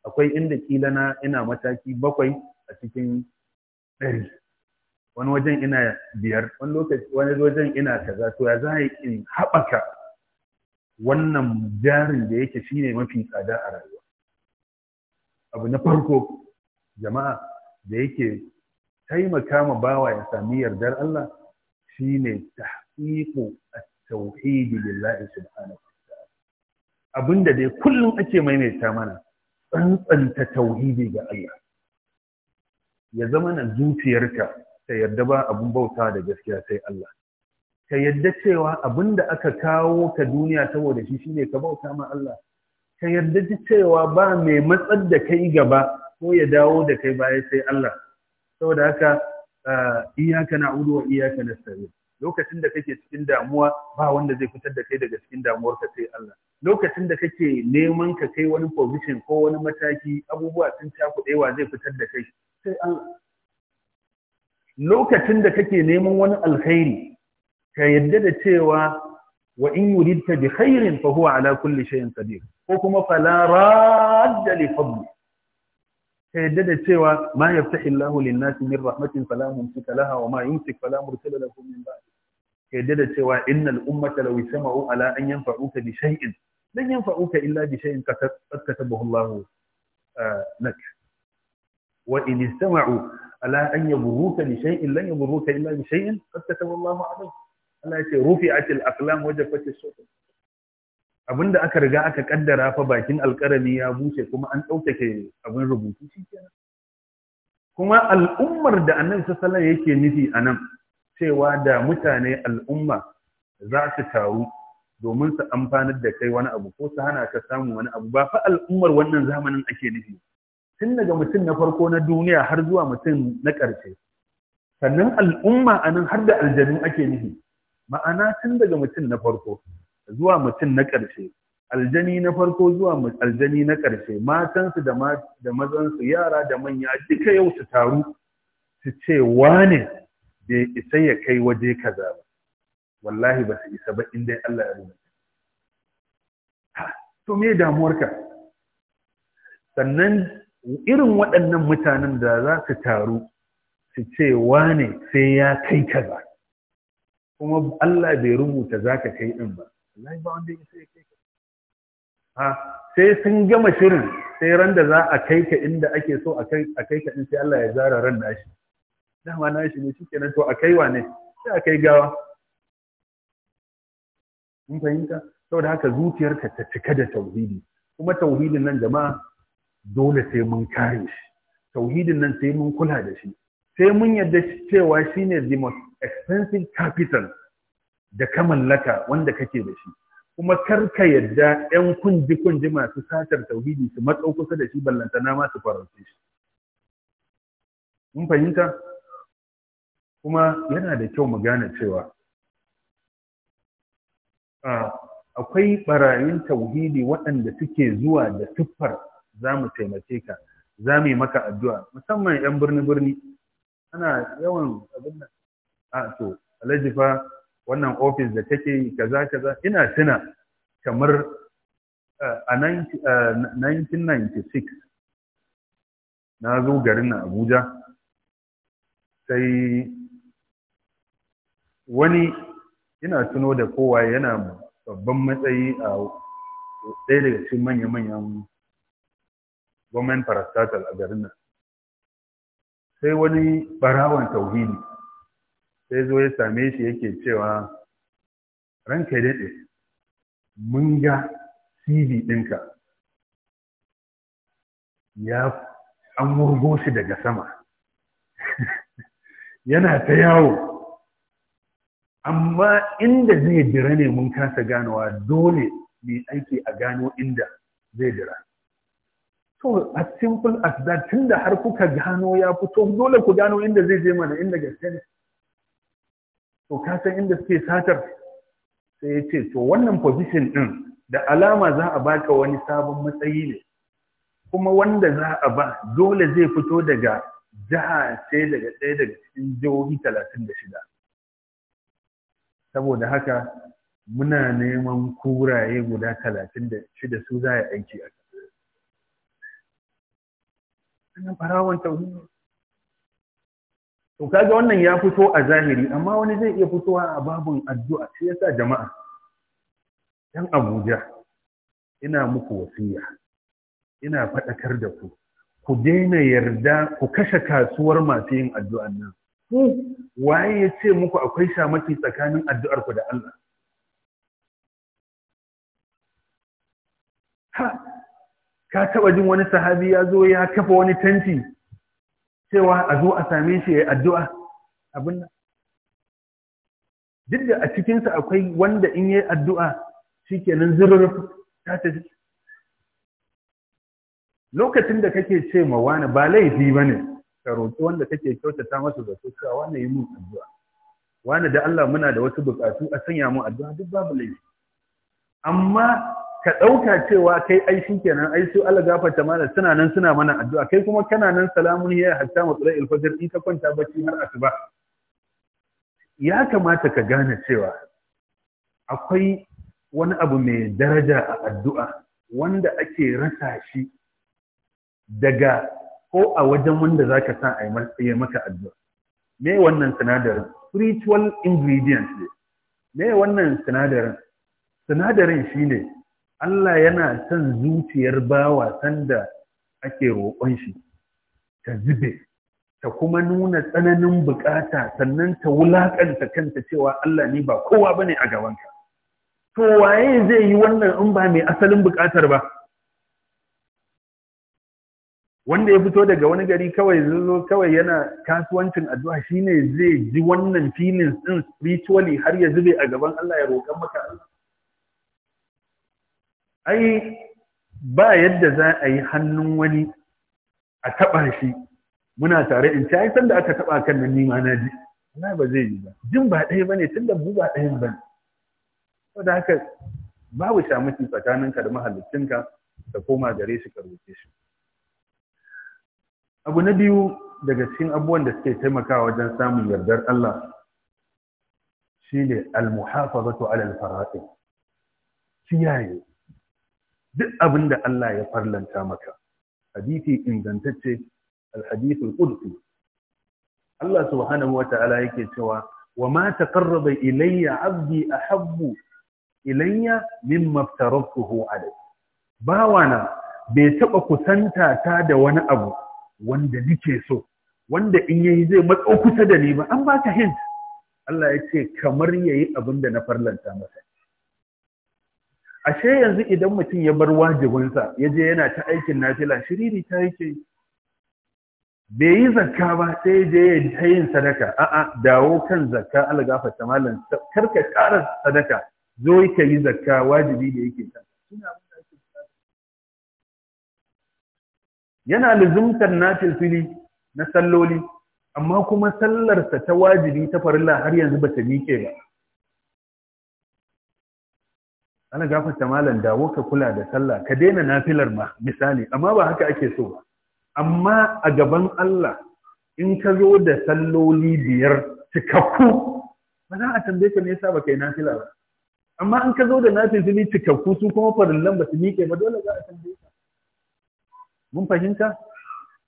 akwai inda kila na ina mataki bakwai a cikin ɗari wani wajen ina biyar wani lokaci wani wajen ina kaza to ya za in haɓaka wannan jarin da yake shine mafi tsada a rayuwa abu na farko jama'a da yake taimaka ma bawa ya sami yardar Allah Shi shine tahqiqu at-tauhid lillahi subhanahu wa ta'ala abinda dai kullum ake maimaita mana tsantsanta tauhidi ga Allah ya zama na zuciyarka ta yarda ba abun bauta da gaskiya sai Allah ka yarda cewa abinda aka kawo ka duniya saboda shi shine ka bauta ma Allah ka yarda cewa ba mai matsar da kai gaba ko ya dawo da kai baya sai Allah saboda haka iyaka udu wa iyaka nasta'in lokacin da kake cikin damuwa ba wanda zai fitar da kai daga cikin damuwar ka, sai Allah lokacin da kake neman ka kai wani position ko wani mataki abubuwa sun cakuɗewa zai fitar da kai sai Allah lokacin da kake neman wani alkhairi ka yadda da cewa wa in yuridka bi khairin fa huwa ala kulli shay'in qadir ko kuma fala radda li fadli ka yadda da cewa ma yaftahi Allahu lin-nasi min rahmatin fala mumsika laha wa ma yumsik fala mursila lahu min ba'd ka yadda da cewa innal ummata law sama'u ala an yanfa'uka bi shay'in lan yanfa'uka illa bi shay'in katabahu Allahu ah, lak wa in istama'u ala an yadurruka bi shay'in lan yadurruka illa bi shay'in katabahu Allahu alayk Allah ya ce rufi'atil aqlam wajafatis suhuf Abin da aka riga aka kaddara fa bakin alkarami ya bushe kuma an ɗaukake abin rubutu shi kenan kuma al'ummar da annabi sallallahu yake nufi anan cewa da mutane al'umma za su taru domin su amfanar da kai wani abu ko su hana ka samu wani abu ba fa al'ummar wannan zamanin ake nufi tun daga mutum na farko na duniya har zuwa mutum na ƙarshe sannan al'umma anan har da aljanu ake nufi ma'ana tun daga mutum na farko zuwa mutum na ƙarshe aljani na farko zuwa aljani na ƙarshe matansu da mazansu yara da manya duka yau su taru su ce wane bai isa ya kai waje kaza ba wallahi ba su isa ba inda Allah ya rubuta to me damuwarka sannan irin waɗannan mutanen da za su taru su ce wane sai ya kai kaza kuma Allah bai rubuta za ka kai ɗin ba Allah ba wanda ya sai kai ha sai sun gama shirin sai ran da za a kai ka inda ake so a kai a kai ka in sai Allah ya zara ran nashi dama nashi ne shi kenan to a kai wa ne sai a kai gawa mun fahimta saboda haka zuciyarka ta cika da tauhidi kuma tauhidin nan jama'a dole sai mun kare shi tauhidin nan sai mun kula da shi sai mun yarda cewa shine the most expensive capital da ka mallaka wanda kake da shi kuma karka yadda 'yan kunji-kunji masu satar tauhidi su matso kusa da shi ballantana masu farauce shi mun fahimta kuma yana da kyau mu gane cewa akwai barayin tauhidi waɗanda suke zuwa da tuffar. za mu taimake ka za mu yi maka addu'a musamman 'yan birni-birni ana yawan abin nan a to alhaji fa. wannan ofis da take yi kaza kaza ina tuna kamar a 1996 na zo garin abuja sai wani ina tuno da kowa yana babban matsayi a ɗaya daga cikin manya-manyan gwamnan parastatal a garin nan sai wani barawan tauhidi sai zo ya same shi yake cewa ranka ya daɗe mun ga cv ɗinka ya an wurgo shi daga sama yana ta yawo amma inda zai dira ne mun kasa ganowa dole mai aiki a gano inda zai dira so as simple as that tunda har kuka gano ya fito dole ku gano inda zai je mana inda gaske ne to ka san inda suke satar sai ya ce to wannan position din da alama za a baka wani sabon matsayi ne kuma wanda za a ba dole zai fito daga jiha sai daga ɗaya daga cikin jihohi talatin da shida saboda haka muna neman kuraye guda talatin da shida su za a aiki a kan. Ana farawon tauhidi. to kaga wannan ya fito a zahiri amma wani zai iya fitowa a babun addu'a shi yasa jama'a yan Abuja ina muku wasiya ina faɗakar da ku ku daina yarda ku kashe kasuwar masu yin addu'an nan ku waye ya ce muku akwai shamaki tsakanin addu'ar ku da Allah ha ka taɓa jin wani sahabi ya zo ya kafa wani tanti cewa a zo a same shi ya addu'a abin nan duk da a cikinsa akwai wanda in yi addu'a shi kenan zirar ta tafi lokacin da kake ce ma wani ba laifi ba ne ka roƙi wanda kake kyautata masa zato cewa wani yi mun addu'a wani da Allah muna da wasu buƙatu a sanya mu addu'a duk babu laifi amma ka ɗauka cewa kai ai shi kenan ai su Allah gafarta mana suna nan suna mana addu'a kai kuma kana nan salamun ya hatta matsala ilfajar in ka kwanta bacci har asuba ya kamata ka gane cewa akwai wani abu mai daraja a addu'a wanda ake rasa shi daga ko a wajen wanda za ka sa a yi maka addu'a me wannan sinadarin spiritual ingredient ne me wannan sinadarin sinadarin shine ne Allah yana son zuciyar bawa sanda ake roƙon shi ta zube ta kuma nuna tsananin bukata sannan ta wulaƙanta kanta cewa Allah ne ba kowa ba ne a gabanka to waye zai yi wannan in ba mai asalin bukatar ba wanda ya fito daga wani gari kawai zo kawai yana kasuwancin addu'a shine zai ji wannan feelings din spiritually har ya zube a gaban Allah ya roƙan maka Allah ai ba yadda za a yi hannun wani a taɓa shi muna tare in ci ai da aka taɓa kan nan nima na ji na ba zai yi ba jin ba ɗaya ba ne tun da mu ba ɗaya ba ne saboda haka babu shamuci tsakaninka da mahallicinka da koma gare shi ka roƙe shi abu na biyu daga cikin abubuwan da suke taimakawa wajen samun yardar Allah shine al-muhafazatu ala al-fara'id kiyaye duk abin da Allah ya farlanta maka hadisi ingantacce alhadithul qudsi Allah subhanahu wata'ala yake cewa wa ma taqarraba ilayya 'abdi ahabbu ilayya mimma aftaratuhu alayhi bawana bai taba kusanta ta da wani abu wanda nake so wanda in yayi zai matso kusa da ni ba an baka hint Allah ya ce kamar yayi abin da na farlanta maka. ashe yanzu idan mutum ya bar wajibinsa ya je yana ta aikin nafila shiriri ta yake bai yi zakka ba sai ya je ta yin sadaka a'a dawo kan zakka Allah ta malam karka ƙara sadaka zo yake yi zakka wajibi da yake ta yana luzumtar nafil fili na salloli amma kuma sallarsa ta wajibi ta farilla har yanzu bata miƙe ba ana gafarta malam dawo ka kula da sallah ka daina nafilar ma misali amma ba haka ake so ba amma a gaban Allah in ka zo da salloli biyar cikakku ba za a tambaye ka me yasa baka yi nafila ba amma in ka zo da nafilfili cikakku su kuma farillan ba su miƙe ba dole za a tambaye ka mun fahimta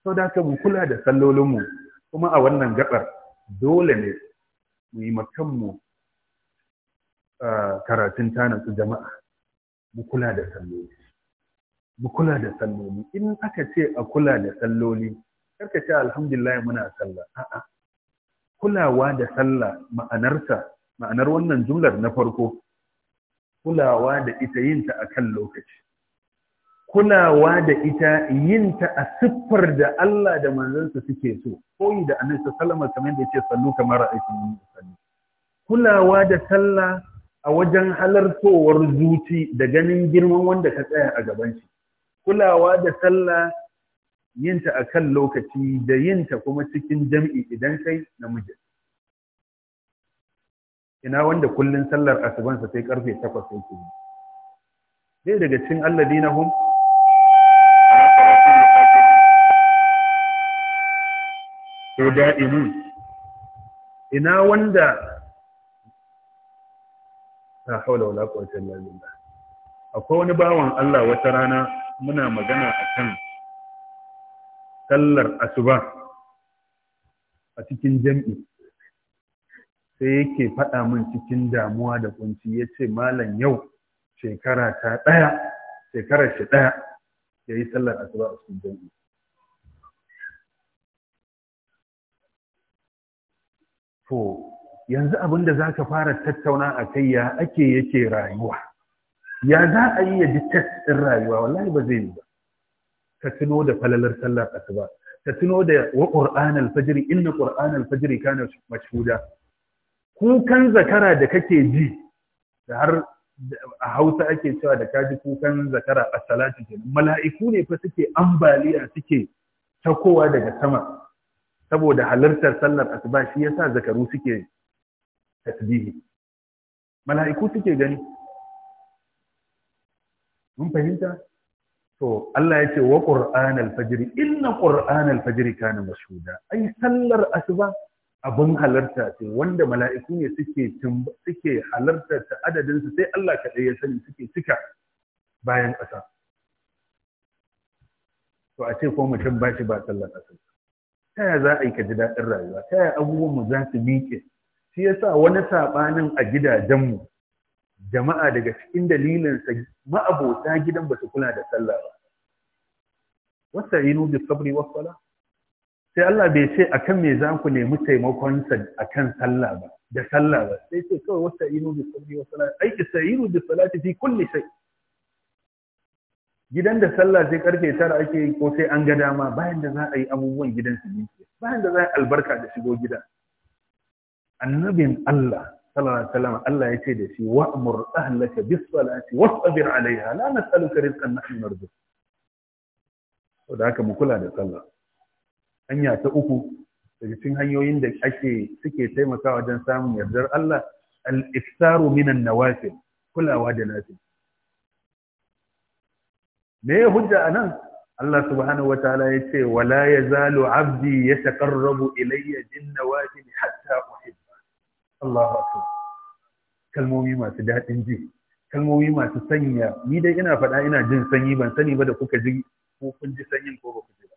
sau da mu kula da sallolinmu kuma a wannan gabar dole ne mu yi makanmu karatun tanatsu jama'a mu kula da salloli mu kula da salloli in aka ce a kula da salloli karka ce alhamdulillah muna sallah a'a kulawa da sallah ma'anarsa, ma'anar wannan jumlar na farko kulawa da ita yin ta akan lokaci kulawa da ita yin ta a siffar da Allah da manzansa suke so koyi da annabi sallama kamar da yake sallu kamar aikin sallu kulawa da sallah a wajen halartowar zuci da ganin girman wanda ka tsaya a gaban shi kulawa da sallah yinta a kan lokaci da yinta kuma cikin jam'i idan kai namiji ina wanda kullun sallar asubansa sai karfe 8 yake dai daga cikin alladina hum ko da'imun ina wanda la haula wala quwwata illa billah akwai wani bawan Allah wata rana muna magana akan sallar asuba a cikin jami'i sai yake faɗa min cikin damuwa da kunci ya ce malam yau shekara ta ɗaya shekara shi ɗaya ya yi sallar asuba a cikin jami'i to yanzu abin da za ka fara tattauna a kai ya ake yake rayuwa ya za a yi ya ji ɗin rayuwa wallahi ba zai yi ba ka tuno da falalar sallar asuba ka tuno da wa qur'an al-fajr inna qur'an al-fajr kana kukan zakara da kake ji da har a Hausa ake cewa da kaji kukan zakara a salati kenan mala'iku ne fa suke ambaliya suke sakowa daga sama saboda halartar sallar asuba shi yasa zakaru suke tasbihi mala'iku suke gani mun fahimta to Allah ya ce wa qur'an al-fajr inna qur'an al-fajr kana mashhuda ai sallar asuba Abun halarta ce wanda mala'iku ne suke suke halarta ta adadin su sai Allah kaɗai ya sani suke cika bayan ƙasa to a ce ko mutum ba shi ba sallar asuba ta ya za a yi ka ji daɗin rayuwa ta ya abubuwan mu za su miƙe shi yasa wani saɓanin a gidajenmu jama'a daga cikin dalilinsa ma'abota gidan ba su kula da sallah ba wata inu nubi sabri wa sala sai Allah bai ce akan me za ku nemi taimakon sa akan sallah ba da sallah ba sai ce kawai wata yi nubi sabri wa sala ai istairu bi salati fi kulli shay gidan da sallah sai karfe tara ake yi ko sai an ga dama bayan da za a yi abubuwan gidan su ne bayan da za a albarka da shigo gida annabin Allah sallallahu alaihi wasallam Allah ya ce da shi wa'mur ahlaka bis salati wasbir alaiha la nas'aluka rizqan nahnu narzuq to da haka mu kula da sallah hanya ta uku daga cikin hanyoyin da ake suke taimakawa wajen samun yardar Allah al-iftaru minan nawafil kulawa da nafil me ya hujja anan Allah subhanahu wa ta'ala ya ce wala yazalu abdi yataqarrabu ilayya bin nawafil hatta uhib Allahu akbar kalmomi masu daɗin ji kalmomi masu sanya ni dai ina faɗa ina jin sanyi ban sani ba da kuka ji ko kun ji sanyin ko ba ku ji ba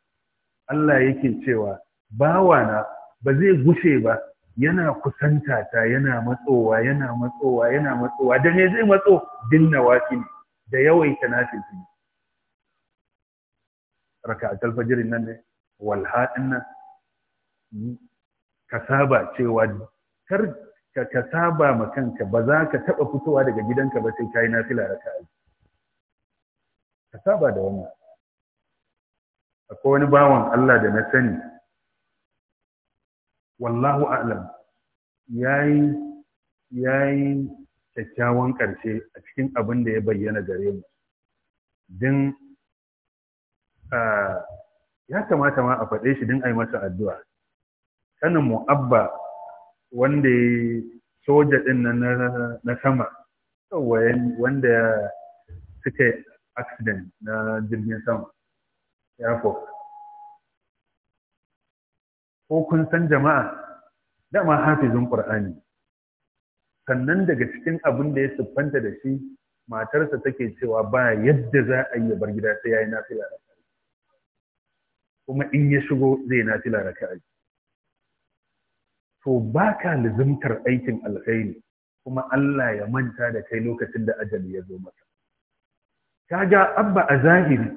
Allah yake cewa bawana ba zai gushe ba yana kusanta ta yana matsowa yana matsowa yana matsowa da me zai matso dinna waki ne da yawaita nafil ne raka'atul fajr nan ne Walhaɗin nan ka saba cewa kar ka ka saba ma kanka ba za ka taba fitowa daga gidanka ba sai kai nafila da ka saba da wannan akwai wani bawan Allah da na sani wallahu a'lam yayi yayi kyakkyawan ƙarshe a cikin abin da ya bayyana gare mu din ya kamata ma a faɗe shi din a masa addu'a kanin mu'abba wanda ya soja din nan na sama wanda ya yi accident na jirgin sama ya ko kun san jama'a dama hafizin ƙur'ani sannan daga cikin abin da ya siffanta da shi matarsa take cewa ba yadda za a yi bar gida sai ya yi nafila raka'a kuma in ya shigo zai nafila raka'a to ka lizimtar aikin alkhairi kuma Allah ya manta da kai lokacin da ajali ya zo maka kaga abba a zahiri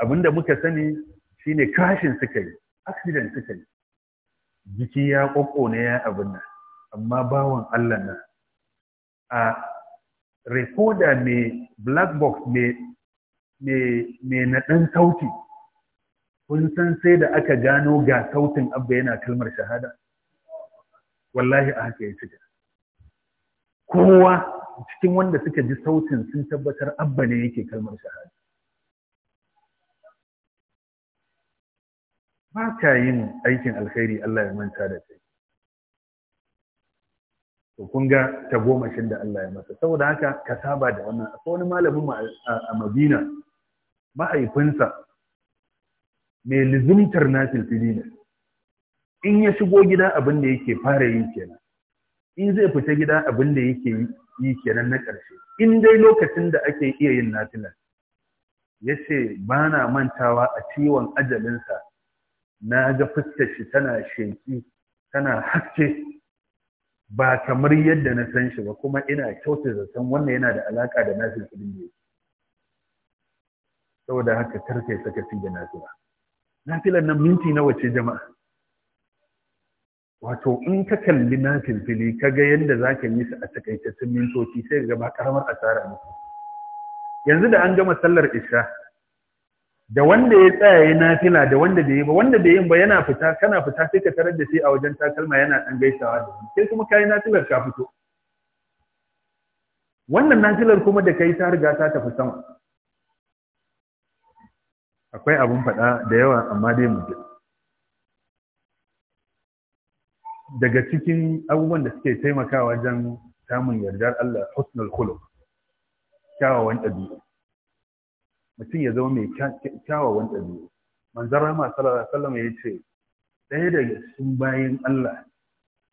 abinda muka sani shine crashin suka yi accident suka yi jiki ya ne ya abin nan amma bawan Allah na a recorder mai black box mai ɗan sauti kun san sai da aka gano ga sautin abba yana kalmar shahada wallahi a haka ya cika kowa cikin wanda suka ji sautin sun tabbatar abba ne yake kalmar shahada ba ka yin aikin alkhairi Allah ya manta da kai to kun ga tagomashin da Allah ya masa saboda haka ka saba da wannan akwai wani malamin a Madina mahaifinsa mai lizumtar na filfili ne in ya shigo gida abin da yake fara yi kenan in zai fita gida abin da yake yi kenan na ƙarshe in dai lokacin da ake iya yin nafilan ya ce ba na mantawa a ciwon ajalinsa na ga fuskar shi tana sheƙi tana haske ba kamar yadda na san shi ba kuma ina kyautar da san wannan yana da alaƙa da nafil filin da yake saboda haka karfe sakaci da nafila nafilan nan minti nawa ce jama'a wato in ka kalli na filfili ka ga yadda za ka yi su a takaitattun mintoci sai ga ba karamar asara ne yanzu da an gama sallar isha da wanda ya tsaya ya nafila da wanda da yi ba wanda da yin ba yana fita kana fita sai ka tarar da shi a wajen takalma yana dan gaisawa da shi sai kuma kai nafilar ka fito wannan nafilar kuma da kai ta riga ta tafi sama akwai abun faɗa da yawa amma dai mu daga cikin abubuwan da suke taimakawa wajen samun yardar Allah husnul khuluq kyawawan ɗabi'u mutum ya zama mai kyawawan ɗabi'u manzon rahma sallallahu alaihi wasallam ya ce ɗaya daga cikin bayan Allah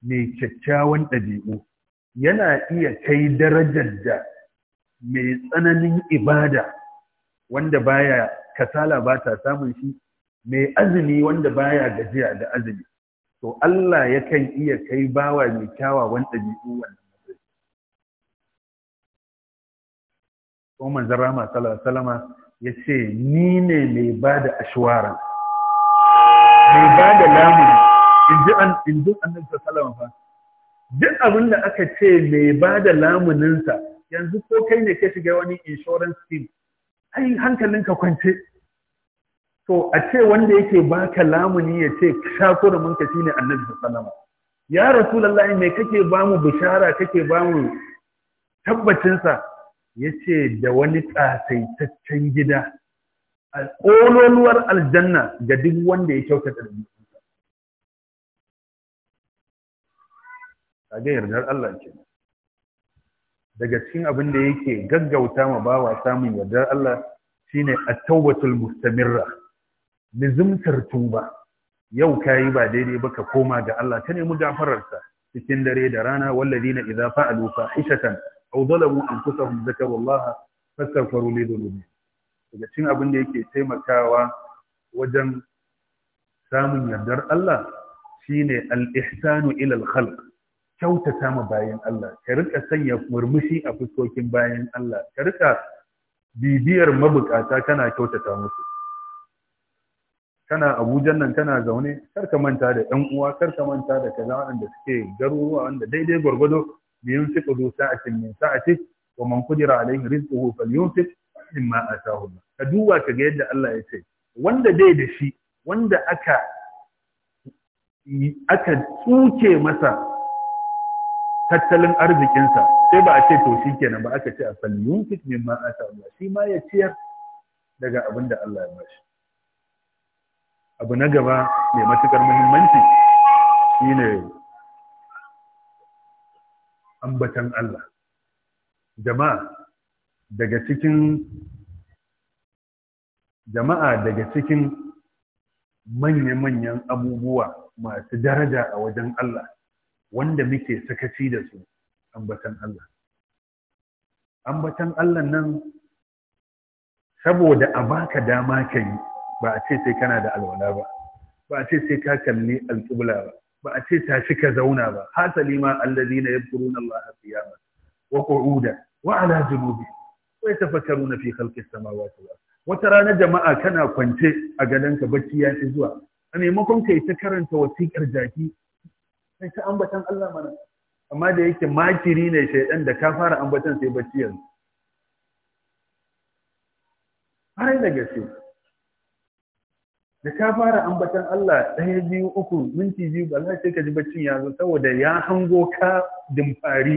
mai kyakkyawan ɗabi'u yana iya kai darajar da mai tsananin ibada wanda baya kasala ba ta samun shi mai azumi wanda baya gajiya da azumi to Allah yakan iya kai bawa mai kyawawan ɗabi'u wannan matsayi ko manzon rama sallallahu ya ce ni ne mai ba da ashwara mai da lamuni in ji an in ji annabi sallallahu alaihi duk abin da aka ce mai da lamuninsa yanzu ko kai ne ka shiga wani insurance scheme ai hankalin ka kwance to a ce wanda yake baka lamuni ya ce sha kurumin ka shine annabi sallama ya rasulullahi me kake bamu bishara kake bamu tabbacin sa yace da wani tsasaitaccen gida ƙololuwar aljanna ga duk wanda ya kyauta ɗabi'unsa. Kaga yardar Allah kenan. daga cikin abin da yake gaggauta ma bawa samun yardar Allah shine at-tawbatul mustamirra nizumtar tuba yau kayi ba daidai ba ka koma ga Allah ta nemi gafararsa cikin dare da rana wallazina idza fa'alu fahishatan aw zalamu anfusahum zakarullaha fastaghfiru li dhunubihim daga cikin abin da yake taimakawa wajen samun yardar Allah shine al-ihsanu ila al-khalq kyautata ma bayan Allah ka rika sanya murmushi a fuskokin bayan Allah ka rika bibiyar mabukata kana kyautata musu kana Abuja nan kana zaune kar ka manta da ɗan uwa kar ka manta da kaza waɗanda suke garuruwa wanda daidai gwargwado yin suka zo sa'atin min sa'ati wa man kudira alaihi rizquhu falyunfiq mimma ataahu ka duba ka ga yadda Allah ya ce wanda dai da shi wanda aka aka tsuke masa tattalin arzikinsa sai ba a ce to shi kenan ba aka ce a falliyun fit min ma a Allah shi ma ya ciyar daga abin da Allah ya bashi abu na gaba mai matukar muhimmanci shine ambatan Allah jama'a daga cikin jama'a daga cikin manya-manyan abubuwa masu daraja a wajen Allah wanda muke sakaci da su ambatan Allah ambatan Allah nan saboda a baka dama ka yi ba a ce sai kana da alwala ba ba a ce sai ka kalli alƙibla ba ba a ce tashi ka zauna ba hasali ma allazina yadhkuruna Allah qiyaman wa qu'udan wa ala junubi wa yatafakkaruna fi khalqi samawati wal wata rana jama'a kana kwance a gadonka bacci ya ci zuwa a maimakon ka yi ta karanta wasiƙar jaki sai ta ambatan Allah mana amma da yake makiri ne shaidan da ka fara ambatan sai bacci yanzu harai da gaske da ka fara ambatan Allah ɗaya biyu uku minti biyu ba za sai ka ji baccin ya zo saboda ya hango ka dimfari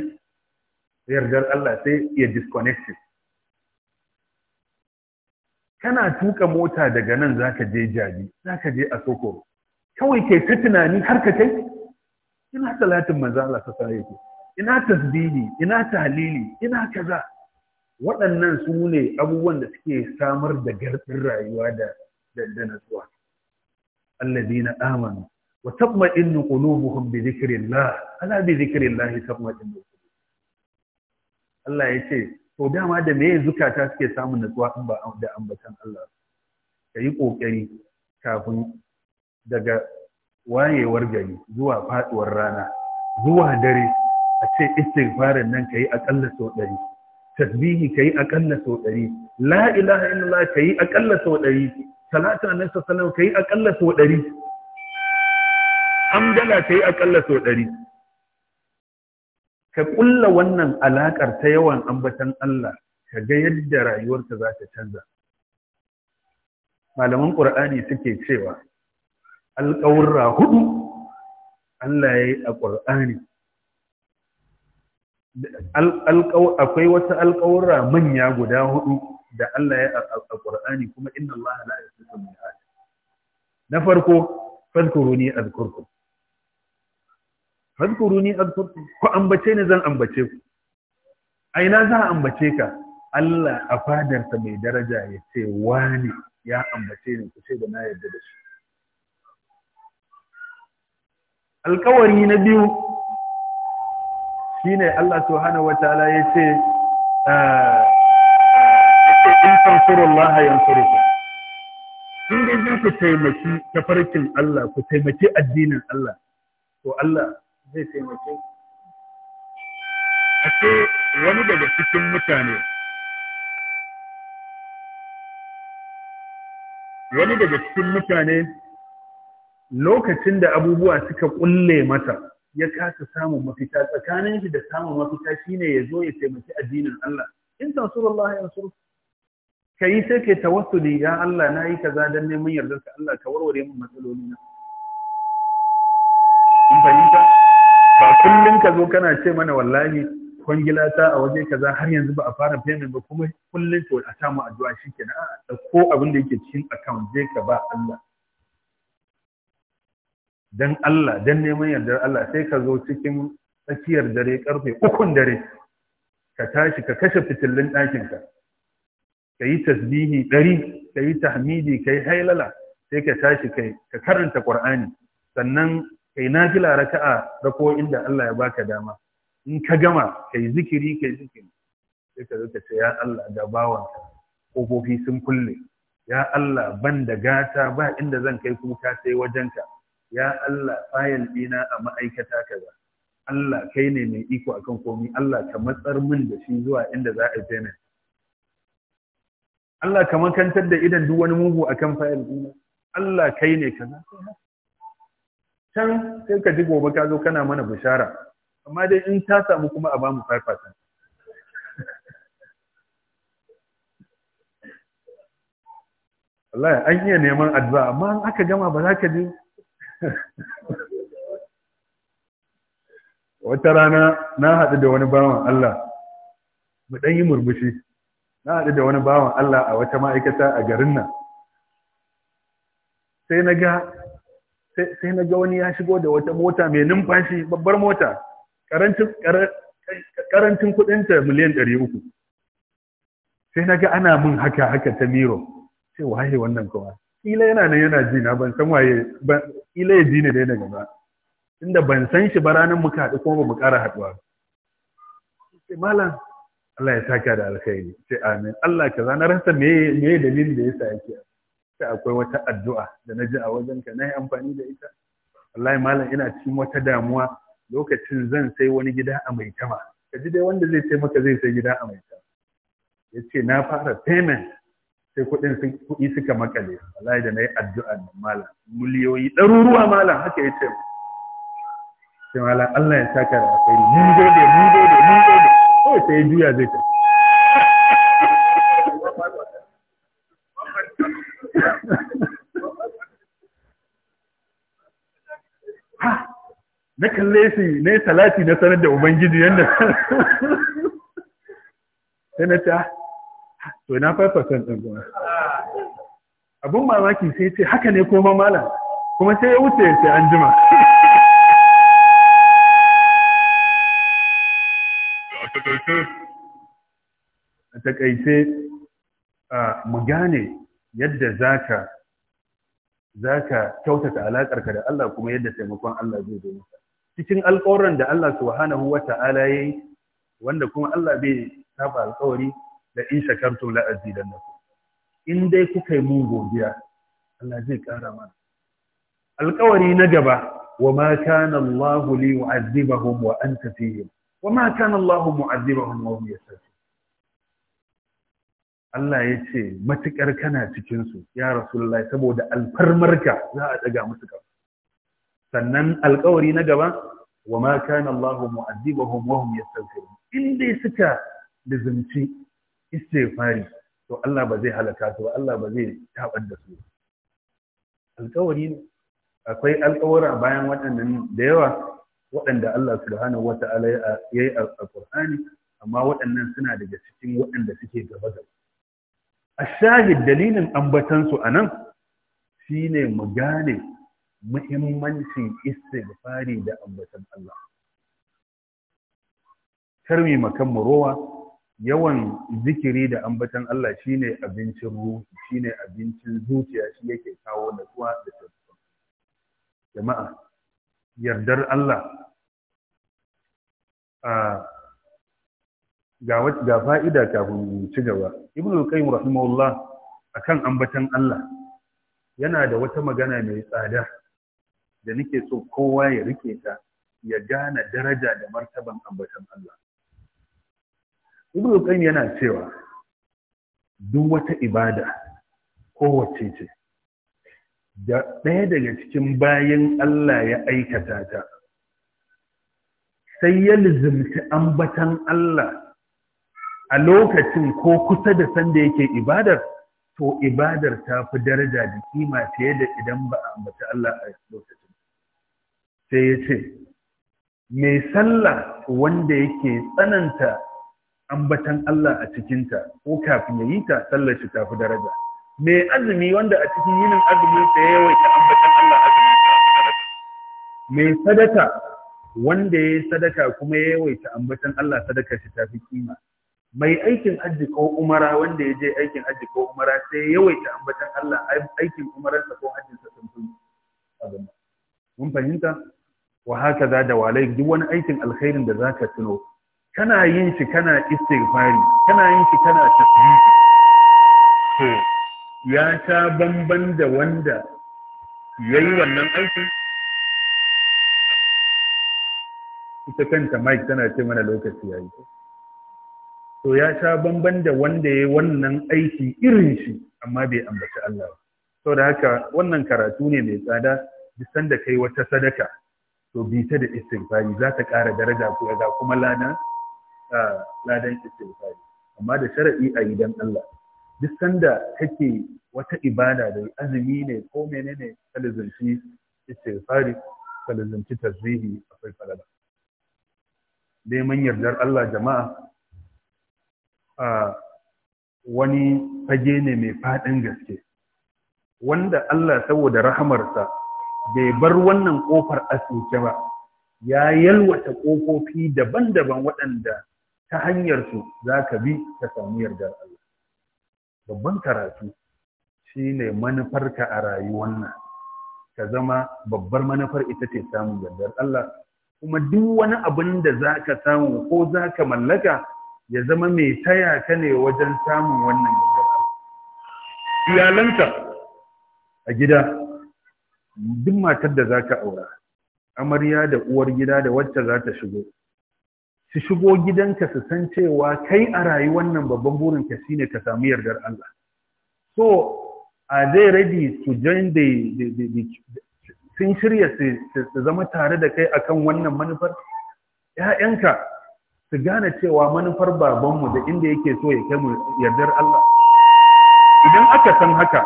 yardar Allah sai ya disconnect kana tuka mota daga nan zaka je jabi zaka je a soko? kawai ke ta tunani har ka kai ina salatin manzo Allah ta sai yake ina tasbihi ina talili? ina kaza waɗannan su ne abubuwan da suke samar da gardin rayuwa da da natsuwa alladina amanu wa tatma'innu qulubuhum bi dhikrillah ala bi dhikrillah tatma'innu Allah ya ce to dama da me zukata suke samun natsuwa in ba da ambatan Allah kai kokari kafin daga wayewar gari zuwa faduwar rana zuwa dare a ce istighfarin nan kai akalla sau ɗari tasbihi kai akalla sau ɗari la ilaha illallah kai akalla sau ɗari salatu annabi sallallahu kai akalla sau ɗari amdala kai akalla sau ɗari ka kulla wannan alakar ta yawan ambatan Allah ka ga yadda rayuwarka za ta canza malaman qur'ani suke cewa alƙawurra hudu Allah ya yi a ƙwar'ani akwai wata alƙawurra manya guda hudu da Allah ya yi a ƙwar'ani kuma inna Allah la yasifu mi'ad na farko fadkuruni azkurkum fadkuruni azkurkum ku ambace ni zan ambace ku aina za a ambace ka Allah a fadarsa mai daraja ya ce wani ya ambace ni ku ce da na yarda da shi alkawari na biyu shine Allah subhanahu wataala yace ah, in tansurullah yansurukum in dai zan ku taimaki tafarkin Allah ku taimaki addinin Allah to Allah zai taimake ku ashe wani daga cikin mutane wani daga cikin mutane lokacin da abubuwa suka kulle mata ya kasa samun mafita tsakanin shi da samun mafita shine ya zo ya taimaki addinin Allah in ya yansur ka yi sai ke tawassuli ya Allah na yi kaza don neman yardar ka Allah ka warware min matsaloli na in fahimta ba kullum ka zo kana ce mana wallahi kwangila ta a waje kaza har yanzu ba a fara payment ba kuma kullum to a samu addu'a shikenan a ko abin da yake cikin account je ka ba Allah dan Allah dan neman yardar Allah sai ka zo cikin tsakiyar dare karfe ukun dare ka tashi ka kashe fitilun ɗakinka ka yi tasbihi ɗari ka yi tahmidi ka yi hailala sai ka tashi ka karanta ƙur'ani sannan kai nafila raka'a rako inda Allah ya baka dama in ka gama kai zikiri kai zikiri sai ka zo ka ce ya Allah ga bawanka kofofi sun kulle ya Allah ban da gata ba inda zan kai kuka sai wajenka ya Allah fayil dina a ma'aikata kaza Allah kai ne mai iko akan komi Allah ka matsar min da shi zuwa inda za a jene. Allah ka makantar da idan duk wani mugu akan fayil dina Allah kai ne kaza can sai ka ji gobe ka zo kana mana bishara amma dai in ta samu kuma a ba mu 5% Allah an iya neman addu'a amma aka gama ba za ka je wata rana na haɗu da wani bawan Allah mu ɗan yi murmushi na haɗu da wani bawan Allah a wata ma'aikata a garin nan sai na ga sai na ga wani ya shigo da wata mota mai numfashi babbar mota karancin kudinta miliyan ɗari uku sai na ga ana mun haka haka ta miro sai waye wannan kawai kila yana nan yana ji na ban san waye kila ya ji ni dai daga ba inda ban san shi ba ranar muka haɗu kuma ba mu ƙara haɗuwa sai malam Allah ya saka da alkhairi sai amin Allah kaza zana rasa me me dalilin da yasa yake sai akwai wata addu'a da na ji a wajen ka nayi amfani da ita wallahi malam ina cikin wata damuwa lokacin zan sai wani gida a mai tama kaji dai wanda zai taimaka zai sai gida a mai tama yace na fara payment sai kuɗin kuɗi suka makale wallahi da nayi addu'a da malam miliyoyi ɗaruruwa malam haka yace sai malam Allah ya saka da akwai mun gode mun gode mun gode ko sai juya zai ta na kalle shi na salati na sanar da ubangiji yadda sai na ta to na 5% ɗin kuma abun mamaki sai ce haka ne koma malam kuma sai ya wuce sai an jima a takaice mu gane yadda zaka zaka kyautata alaƙarka da Allah kuma yadda taimakon Allah zai zo maka cikin alƙawarin da Allah subhanahu wata'ala yayi wanda kuma Allah bai saba alƙawari Da in la'azi da azidannakum in dai kuka yi mun gobiya, Allah zai ƙara mana alƙawari na gaba wa ma kana Allah li yu'azzibahum wa anta fihim wa ma kana Allah mu'azzibahum wa hum yastaghfirun Allah ya ce matukar kana cikin su ya rasulullahi saboda alfarmarka za a daga musu kafa sannan alƙawari na gaba wa ma kana Allah mu'azzibahum wa hum yastaghfirun in dai suka lizimci istighfari to Allah ba zai halaka su ba Allah ba zai tabar da su alƙawari ne akwai alƙawura bayan waɗannan da yawa waɗanda Allah subhanahu wata'ala ya yi a Qur'ani amma waɗannan suna daga cikin waɗanda suke gaba gaba ashahid dalilin ambatan su anan shine mu gane muhimmancin istighfari da ambatan Allah kar makan murowa yawan zikiri da ambatan Allah shine abincin ruhu shine abincin zuciya shi yake kawo zuwa da tafiya jama'a yardar Allah a ga fa'ida kafin ci gaba ibn al-qayyim rahimahullah akan ambatan Allah yana da wata magana mai tsada da nake so kowa ya rike ta ya gane daraja da martaban ambatan Allah ibn qayyim yana cewa duk wata ibada kowace ce da ɗaya daga cikin bayan Allah ya aikata ta sai ya lizimci ambatan Allah a lokacin ko kusa da sanda yake ibadar to ibadar ta fi daraja da kima fiye da idan ba a ambata Allah a lokacin sai ya ce mai sallah wanda yake tsananta ambatan Allah a cikinta ko kafin ya yi ta sallar shi tafi daraja mai azumi wanda a cikin yinin azumin sa ya yawaita ambatan Allah azumin sa mai sadaka wanda ya yi sadaka kuma ya yawaita ambatan Allah sadaka shi tafi kima mai aikin hajji ko umara wanda ya je aikin hajji ko umara sai ya yawaita ambatan Allah aikin umararsa ko hajjinsa sun fi abin mun fahimta wa haka za da walai duk wani aikin alkhairin da za ka tuno kana yin shi kana istighfari kana yin shi kana to hmm. ya ta bamban da wanda yayi wannan aikin ita kanta Mike tana ce mana lokaci yayi to ya sha bamban da wanda yayi wannan aiki irin shi amma bai ambaci Allah ba da haka wannan karatu ne mai tsada duk sanda kai wata sadaka to bi ta da istighfari za ta ƙara daraja ko ga kuma lana ladan istighfari amma da shar'i a yi Allah duk sanda kake wata ibada da azumi ne ko menene kalizanci istighfari kalizanci tasbihi akwai falala man yardar Allah jama'a a wani fage ne mai fadin gaske wanda Allah saboda rahamarsa bai bar wannan kofar asuke ba ya yalwata kofofi daban-daban waɗanda ta hanyar su za ka bi ka samu yardar Allah babban karatu shine manufarka a rayuwar nan ka zama babbar manufar ita ce samun yardar Allah kuma duk wani abin da za ka samu ko za ka mallaka ya zama mai taya ka ne wajen samun wannan yardar Allah iyalanka a gida duk matar da za ka aura amarya da uwar gida da wacce za ta shigo su shigo gidanka su san cewa kai a rayu wannan babban burin ka shine ka samu yardar Allah so are they ready to join the, the, the, sun shirya su zama tare da kai akan wannan manufar ‘ya'yanka su gane cewa manufar babanmu da inda yake so ya kai mu yardar Allah idan aka san haka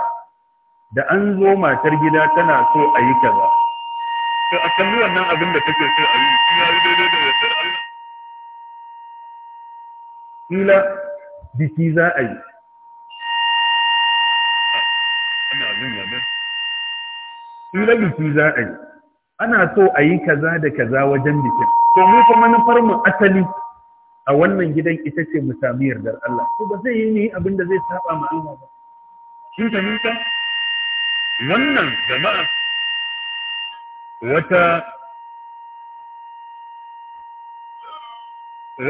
da an zo matar gida tana so a yi kaza a kalli wannan abin da take so a yi ya yi daidai da yardar Allah kila biki za a yi kila biki za a yi ana so a yi kaza da kaza wajen bikin to mu kuma na mu asali a wannan gidan ita ce mu sami yardar Allah ko ba zai yi ne abin da zai saba ma Allah ba shin ka wannan jama'a wata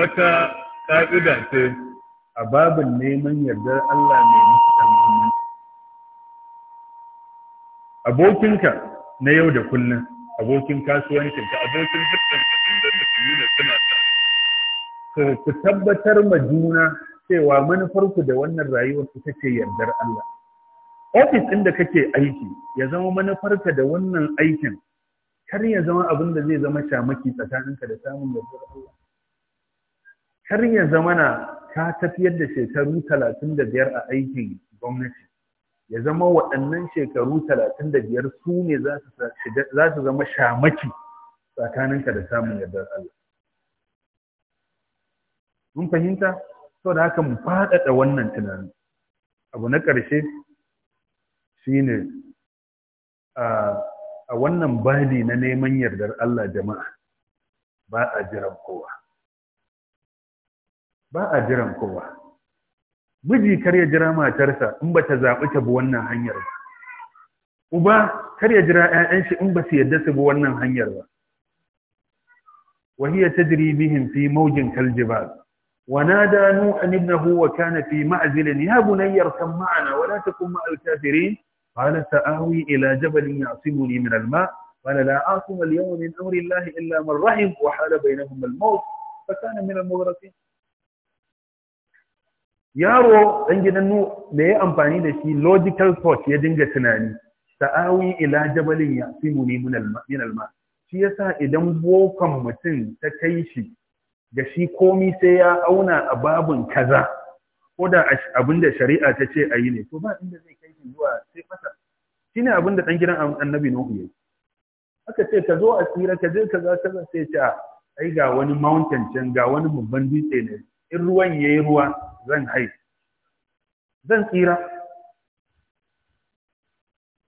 wata ƙa'ida ce a babin neman yardar Allah mai matuƙar muhimmanci abokinka na yau da kullum abokin kasuwancinka abokin hulɗarka da musulmi da suna ta ku tabbatar ma juna cewa manufarku da wannan rayuwar ku take yardar Allah ofis ɗin da kake aiki ya zama manufarka da wannan aikin kar ya zama abin da zai zama shamaki tsakaninka da samun yardar Allah har ya zamana ka tafiyar da shekaru talatin a aikin gwamnati ya zama waɗannan shekaru talatin su ne za su zama shamaki tsakaninka da samun yardar Allah. Mun fahimta? Sau da haka mu faɗaɗa wannan tunanin. Abu na ƙarshe shi ne a wannan bali na neman yardar Allah jama'a ba a jiran kowa. ba a jiran kowa miji kar ya jira matarsa in ba ta zaɓi ta bi wannan hanyar ba uba kar ya jira 'ya'yan shi in ba su yadda su bi wannan hanyar ba وهي تجري بهم في موج كالجبال ونادى نوح ابنه وكان في معزل يا بني اركب معنا ولا تكن مع الكافرين قال سآوي إلى جبل يعصمني من الماء قال لا أعصم اليوم من أمر الله إلا من رحم وحال بينهم الموت فكان من المغرقين yaro ɗan gidan nu da ya amfani da shi logical thought ya dinga tunani sa'awi ila jabalin ya fi muni min alma shi yasa idan bokan mutum ta kai shi da shi komi sai ya auna a babin kaza ko da abin da shari'a ta ce a yi ne to ba inda zai kai shi zuwa sai shi shine abin da ɗan gidan annabi nuhu yayi aka ce ka zo a tsira ka je kaza kaza sai ce ai ga wani mountain can ga wani babban dutse ne in ruwan ya yi ruwa zan haihu zan tsira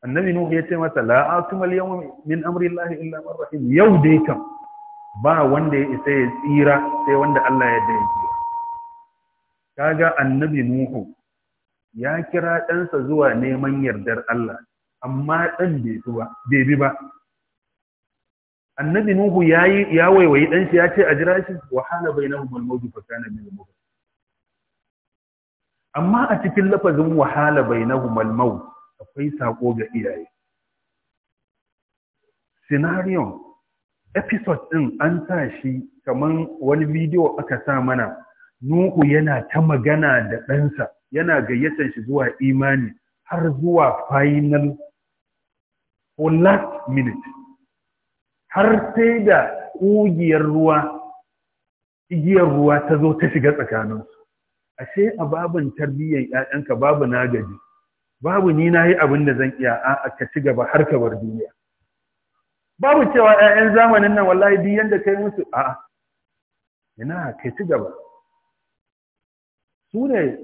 annabi nuhu ya ce masa la'atumal yawma min llahi illa man rahim yau dai kam ba wanda ya isa ya tsira sai wanda Allah ya da ya kaga annabi nuhu ya kira ɗansa zuwa neman yardar Allah amma ɗan bai bi ba annabi nuhu yayi ya waiwayi dan shi ya ce a jira shi wa hala bainahum al fa kana min al amma a cikin lafazin wa hala bainahum al akwai sako ga iyaye scenario episode din an sa shi kaman wani bidiyo aka sa mana nuhu yana ta magana da ɗansa yana gayyatar shi zuwa imani har zuwa final For last minute har sai da ƙugiyar ruwa igiyar ruwa ta zo ta shiga tsakaninsu ashe a babin tarbiyyar 'ya'yanka babu na gaji babu ni na yi abin da zan iya a ka ci gaba har ka bar duniya babu cewa 'ya'yan zamanin nan wallahi duk yanda kai musu a ina ka ci gaba su ne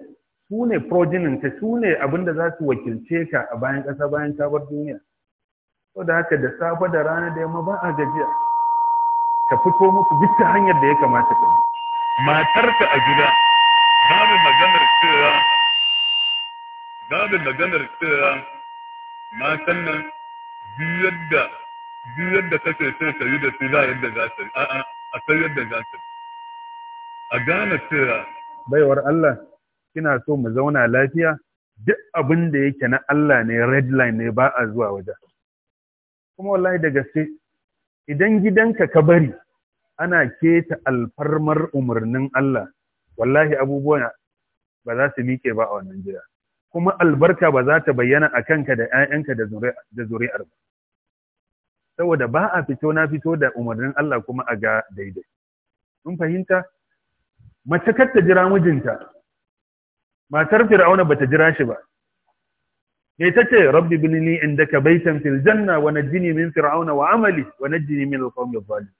su ne su ne abin da za su wakilce ka a bayan ƙasa bayan ka bar duniya so da haka da safe da rana da yamma ba a gajiya ka fito musu duk ta hanyar da ya kamata ka matar matarka a gida babu maganar cewa babu maganar cewa matan nan biyar da biyar da kake sai ka yi da su za a yadda za ta a'a a san yadda za ta a gane cewa baiwar Allah kina so mu zauna lafiya duk abin da yake na Allah ne red line ne ba a zuwa wajen kuma wallahi da gaske idan gidanka ka bari ana keta alfarmar umarnin Allah wallahi abubuwan ba za su miƙe ba a wannan gida kuma albarka ba za ta bayyana a kanka da 'ya'yanka da zuri'ar ba saboda ba a fito na fito da umarnin Allah kuma a ga daidai mun fahimta mace kar ta jira mijinta matar fir'auna ba ta jira shi ba ne ta ce rabbi bilini ka baitan fil janna wa najjini min fir'auna wa amali wa najjini min alqawmi adh-dhalim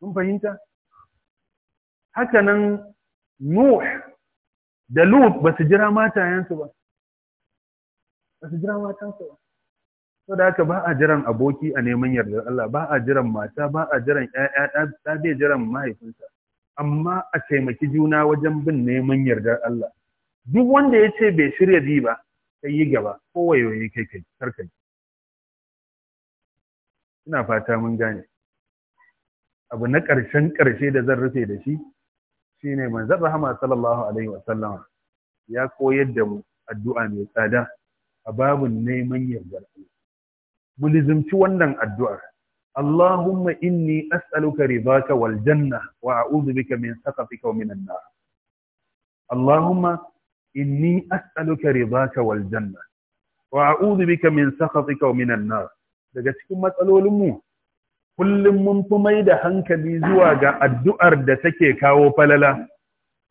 kun fahimta haka nan nuh da lut ba su jira matayensu ba ba su jira matansu ba to da haka ba a jiran aboki a neman yardar Allah ba a jiran mata ba a jiran ƴaƴa ta bai jiran mahaifinsa amma a taimaki juna wajen bin neman yardar Allah duk wanda ya ce bai shirya ji ba kai yi gaba ko wayoyi kai kai karkai ina fata mun gane abu na ƙarshen ƙarshe da zan rufe da shi shine manzon rahama sallallahu alaihi sallam ya koyar da mu addu'a mai tsada a babun neman yarda mu lizimci wannan addu'ar Allahumma inni as'aluka ridaka wal janna wa a'udhu bika min sakatika wa minan nar Allahumma inni as'aluka ridaka wal janna wa a'udhu bika min sakhatika wa minan nar daga cikin matsalolin mu kullum mun fi mai da hankali zuwa ga addu'ar da take kawo falala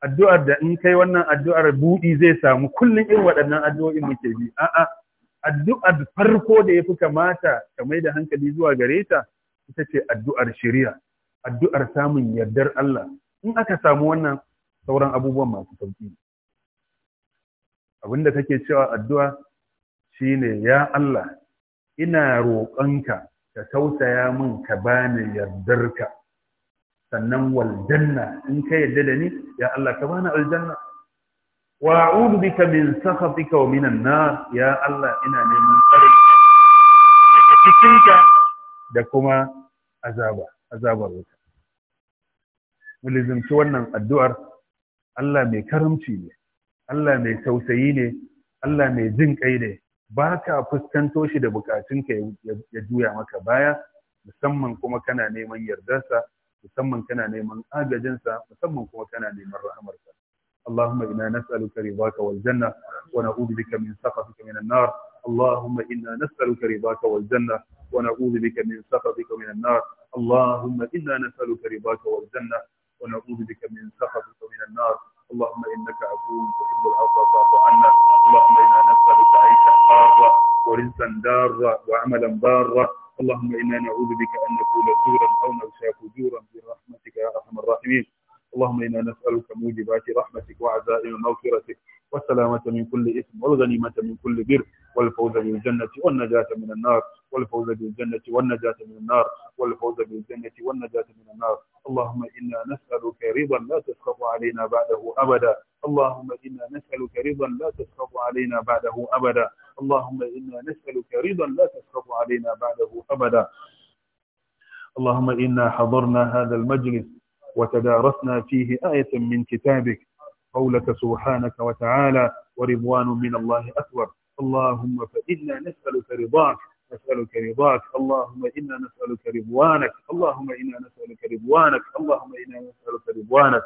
addu'ar da in kai wannan addu'ar budi zai samu kullum irin waɗannan addu'o'in muke bi a'a addu'ar farko da yafi kamata ka mai da hankali zuwa gare ta ita ce addu'ar shari'a addu'ar samun yardar Allah in aka samu wannan sauran abubuwan masu sauki abinda kake cewa addu'a shine ya Allah ina roƙonka ka tausaya min ka bani yardarka sannan waljanna in ka yarda da ni ya Allah ka bani aljanna wa bika min sakhatika wa minan nar ya Allah ina neman tsare daga cikinka da kuma azaba azabar wuta mulzimci wannan addu'ar Allah mai karamci ne Allah mai tausayi ne Allah mai jin kai ne ba ka fuskanto shi da bukatunka ya juya maka baya musamman kuma kana neman yardarsa musamman kana neman agajinsa musamman kuma kana neman rahamarsa اللهم إنا نسألك رضاك والجنة ونعوذ بك من سخطك من النار اللهم إنا نسألك رضاك والجنة ونعوذ بك من سخطك من النار اللهم إنا نسألك رضاك والجنة ونعوذ بك من سخطك من النار اللهم إنك عفو تحب العفو فاعف عنا اللهم إنا نسألك عيشا حارا ورزقا دارا وعملا بارا اللهم إنا نعوذ بك أن نكون زورا أو نغشى فجورا برحمتك يا أرحم الراحمين اللهم إنا نسألك موجبات رحمتك وعزائم مغفرتك والسلامة من كل إثم والغنيمة من كل بر والفوز بالجنة والنجاة من النار والفوز بالجنة والنجاة من النار والفوز بالجنة والنجاة من النار اللهم إنا نسألك رضا لا تسخط علينا بعده أبدا اللهم إنا نسألك رضا لا تسخط علينا بعده أبدا اللهم إنا نسألك رضا لا تسخط علينا بعده أبدا اللهم إنا حضرنا هذا المجلس وتدارسنا فيه آية من كتابك قولك سبحانك وتعالى ورضوان من الله أكبر اللهم فإنا نسألك رضاك نسألك رضاك اللهم إنا نسألك رضوانك اللهم إنا نسألك رضوانك اللهم إنا نسألك رضوانك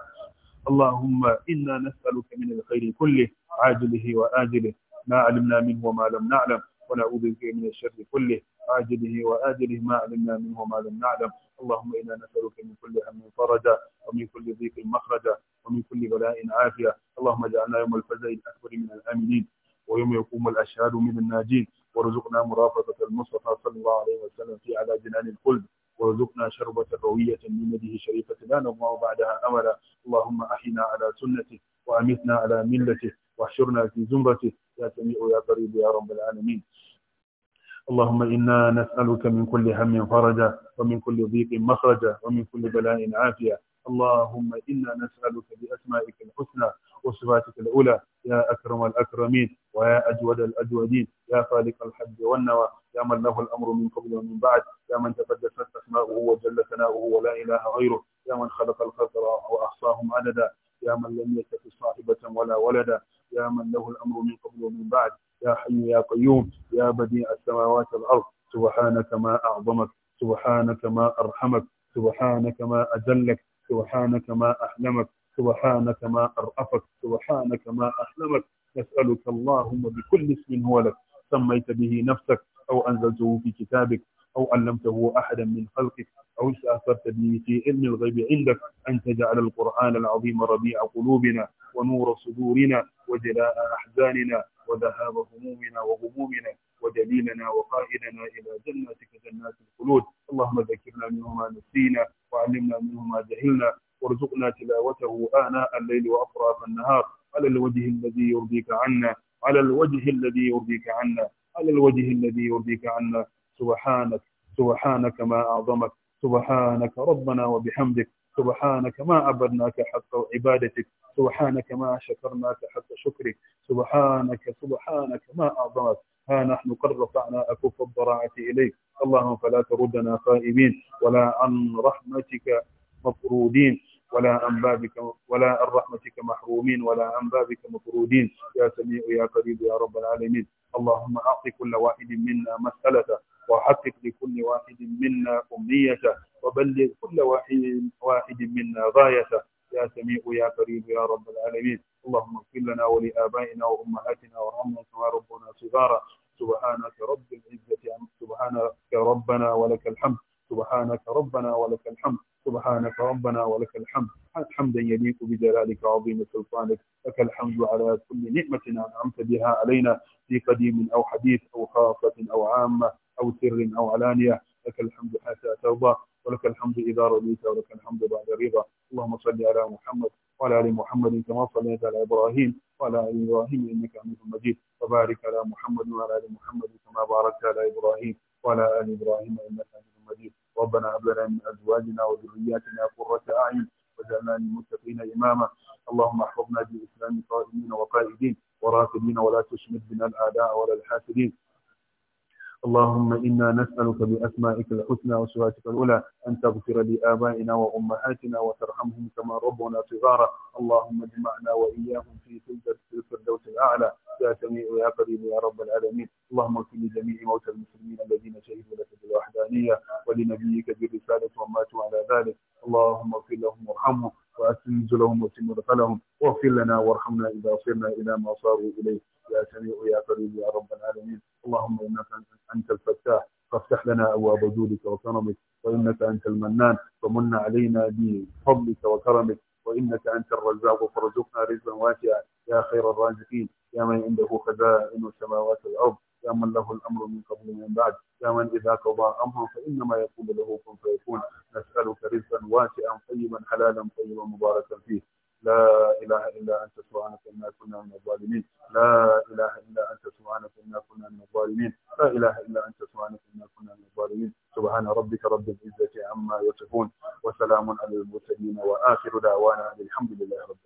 اللهم إنا نسألك من الخير كله عاجله وآجله ما علمنا منه وما لم نعلم ونعوذ بك من الشر كله عاجله وآجله ما علمنا منه وما لم نعلم اللهم إنا نسألك من كل هم فرجا ومن كل ضيق مخرجا ومن كل بلاء عافية اللهم اجعلنا يوم الفزع الأكبر من الآمنين ويوم يقوم الأشهاد من الناجين وارزقنا مرافقة المصطفى صلى الله عليه وسلم في على جنان الخلد وارزقنا شربة روية من يده شريفة لا نضع بعدها أملا اللهم أحنا على سنته وأمتنا على ملته واحشرنا في زمرته يا سميع يا قريب يا رب العالمين اللهم إنا نسألك من كل هم فرجا ومن كل ضيق مخرجا ومن كل بلاء عافية اللهم إنا نسألك بأسمائك الحسنى وصفاتك الأولى يا أكرم الأكرمين ويا أجود الأجودين يا خالق الحج والنوى يا من له الأمر من قبل ومن بعد يا من تقدست أسماؤه وجل ثناؤه ولا إله غيره يا من خلق الخلق وأحصاهم عددا يا من لم يكن صاحبة ولا ولدا يا من له الأمر من قبل ومن بعد يا حي يا قيوم يا بديع السماوات والأرض سبحانك ما أعظمك سبحانك ما أرحمك سبحانك ما أجلك سبحانك ما أحلمك سبحانك ما أرأفك سبحانك ما أحلمك نسألك اللهم بكل اسم هو لك سميت به نفسك أو أنزلته في كتابك أو علمته أحدا من خلقك أو استأثرت به في علم الغيب عندك أن تجعل القرآن العظيم ربيع قلوبنا ونور صدورنا وجلاء أحزاننا وذهاب همومنا وغمومنا ودليلنا وقائدنا إلى جناتك جنات الخلود اللهم ذكرنا منه ما نسينا وعلمنا منه ما جهلنا وارزقنا تلاوته آناء الليل وأطراف النهار على الوجه الذي يرضيك عنا على الوجه الذي يرضيك عنا على الوجه الذي يرضيك عنا سبحانك سبحانك ما أعظمك سبحانك ربنا وبحمدك سبحانك ما عبدناك حق عبادتك سبحانك ما شكرناك حق شكرك سبحانك سبحانك ما أعظمك ها نحن قد رفعنا أكف الضراعة إليك اللهم فلا تردنا خائبين ولا عن رحمتك مطرودين ولا عن بابك ولا عن رحمتك محرومين ولا عن بابك مطرودين يا سميع يا قريب يا رب العالمين اللهم أعط كل واحد منا مسألته وحقق لكل واحد منا أمنيته وبلغ كل واحد واحد منا غايته يا سميع يا قريب يا رب العالمين اللهم اغفر لنا ولآبائنا وأمهاتنا وارحمنا كما ربنا صغارا سبحانك رب العزة سبحانك ربنا ولك الحمد سبحانك ربنا ولك الحمد سبحانك ربنا ولك الحمد حمدا يليق بجلالك وعظيم سلطانك لك الحمد على كل نعمة أنعمت بها علينا في قديم أو حديث أو خاصة أو عامة أو سر أو علانية لك الحمد حتى ترضى ولك الحمد إذا رضيت ولك الحمد بعد رضا اللهم صل على محمد وعلى آل محمد كما صليت على إبراهيم وعلى آل إبراهيم إنك حميد مجيد وبارك على محمد وعلى آل محمد كما باركت على إبراهيم وعلى آل إبراهيم إنك حميد مجيد ربنا هب لنا من أزواجنا وذرياتنا قرة أعين واجعلنا للمتقين إماما اللهم احفظنا بالإسلام قائمين وقائدين وراكبين ولا تشمت بنا الأعداء ولا الحاسدين اللهم إنا نسألك بأسمائك الحسنى وصفاتك الأولى أن تغفر لآبائنا وأمهاتنا وترحمهم كما ربنا صغارا اللهم اجمعنا وإياهم في تلك الفردوس الأعلى يا سميع يا قريب يا رب العالمين اللهم اغفر لجميع موتى المسلمين الذين شهدوا لك بالوحدانية ولنبيك بالرسالة وماتوا على ذلك اللهم اغفر لهم وارحمهم وأسلم لهم وأسلم لهم واغفر لنا وارحمنا إذا صرنا إلى ما صاروا إليه يا سميع يا قريب يا رب العالمين اللهم إنك أنت أنت الفتاح فافتح لنا أبواب جودك وكرمك وإنك أنت المنان فمن علينا بفضلك وكرمك وإنك أنت الرزاق فارزقنا رزقا واسعا يا خير الرازقين يا من عنده خزائن السماوات والأرض يا من له الأمر من قبل ومن بعد يا من إذا قضى أمرا فإنما يقول له كن فيكون نسألك رزقا واسعا طيبا حلالا طيبا مباركا فيه لا إله إلا أنت سبحانك إنا كنا من الظالمين لا إله إلا أنت سبحانك إنا كنا من الظالمين لا إله إلا أنت سبحانك إنا كنا من الظالمين سبحان ربك رب العزة عما يصفون وسلام على المرسلين وآخر دعوانا الحمد لله رب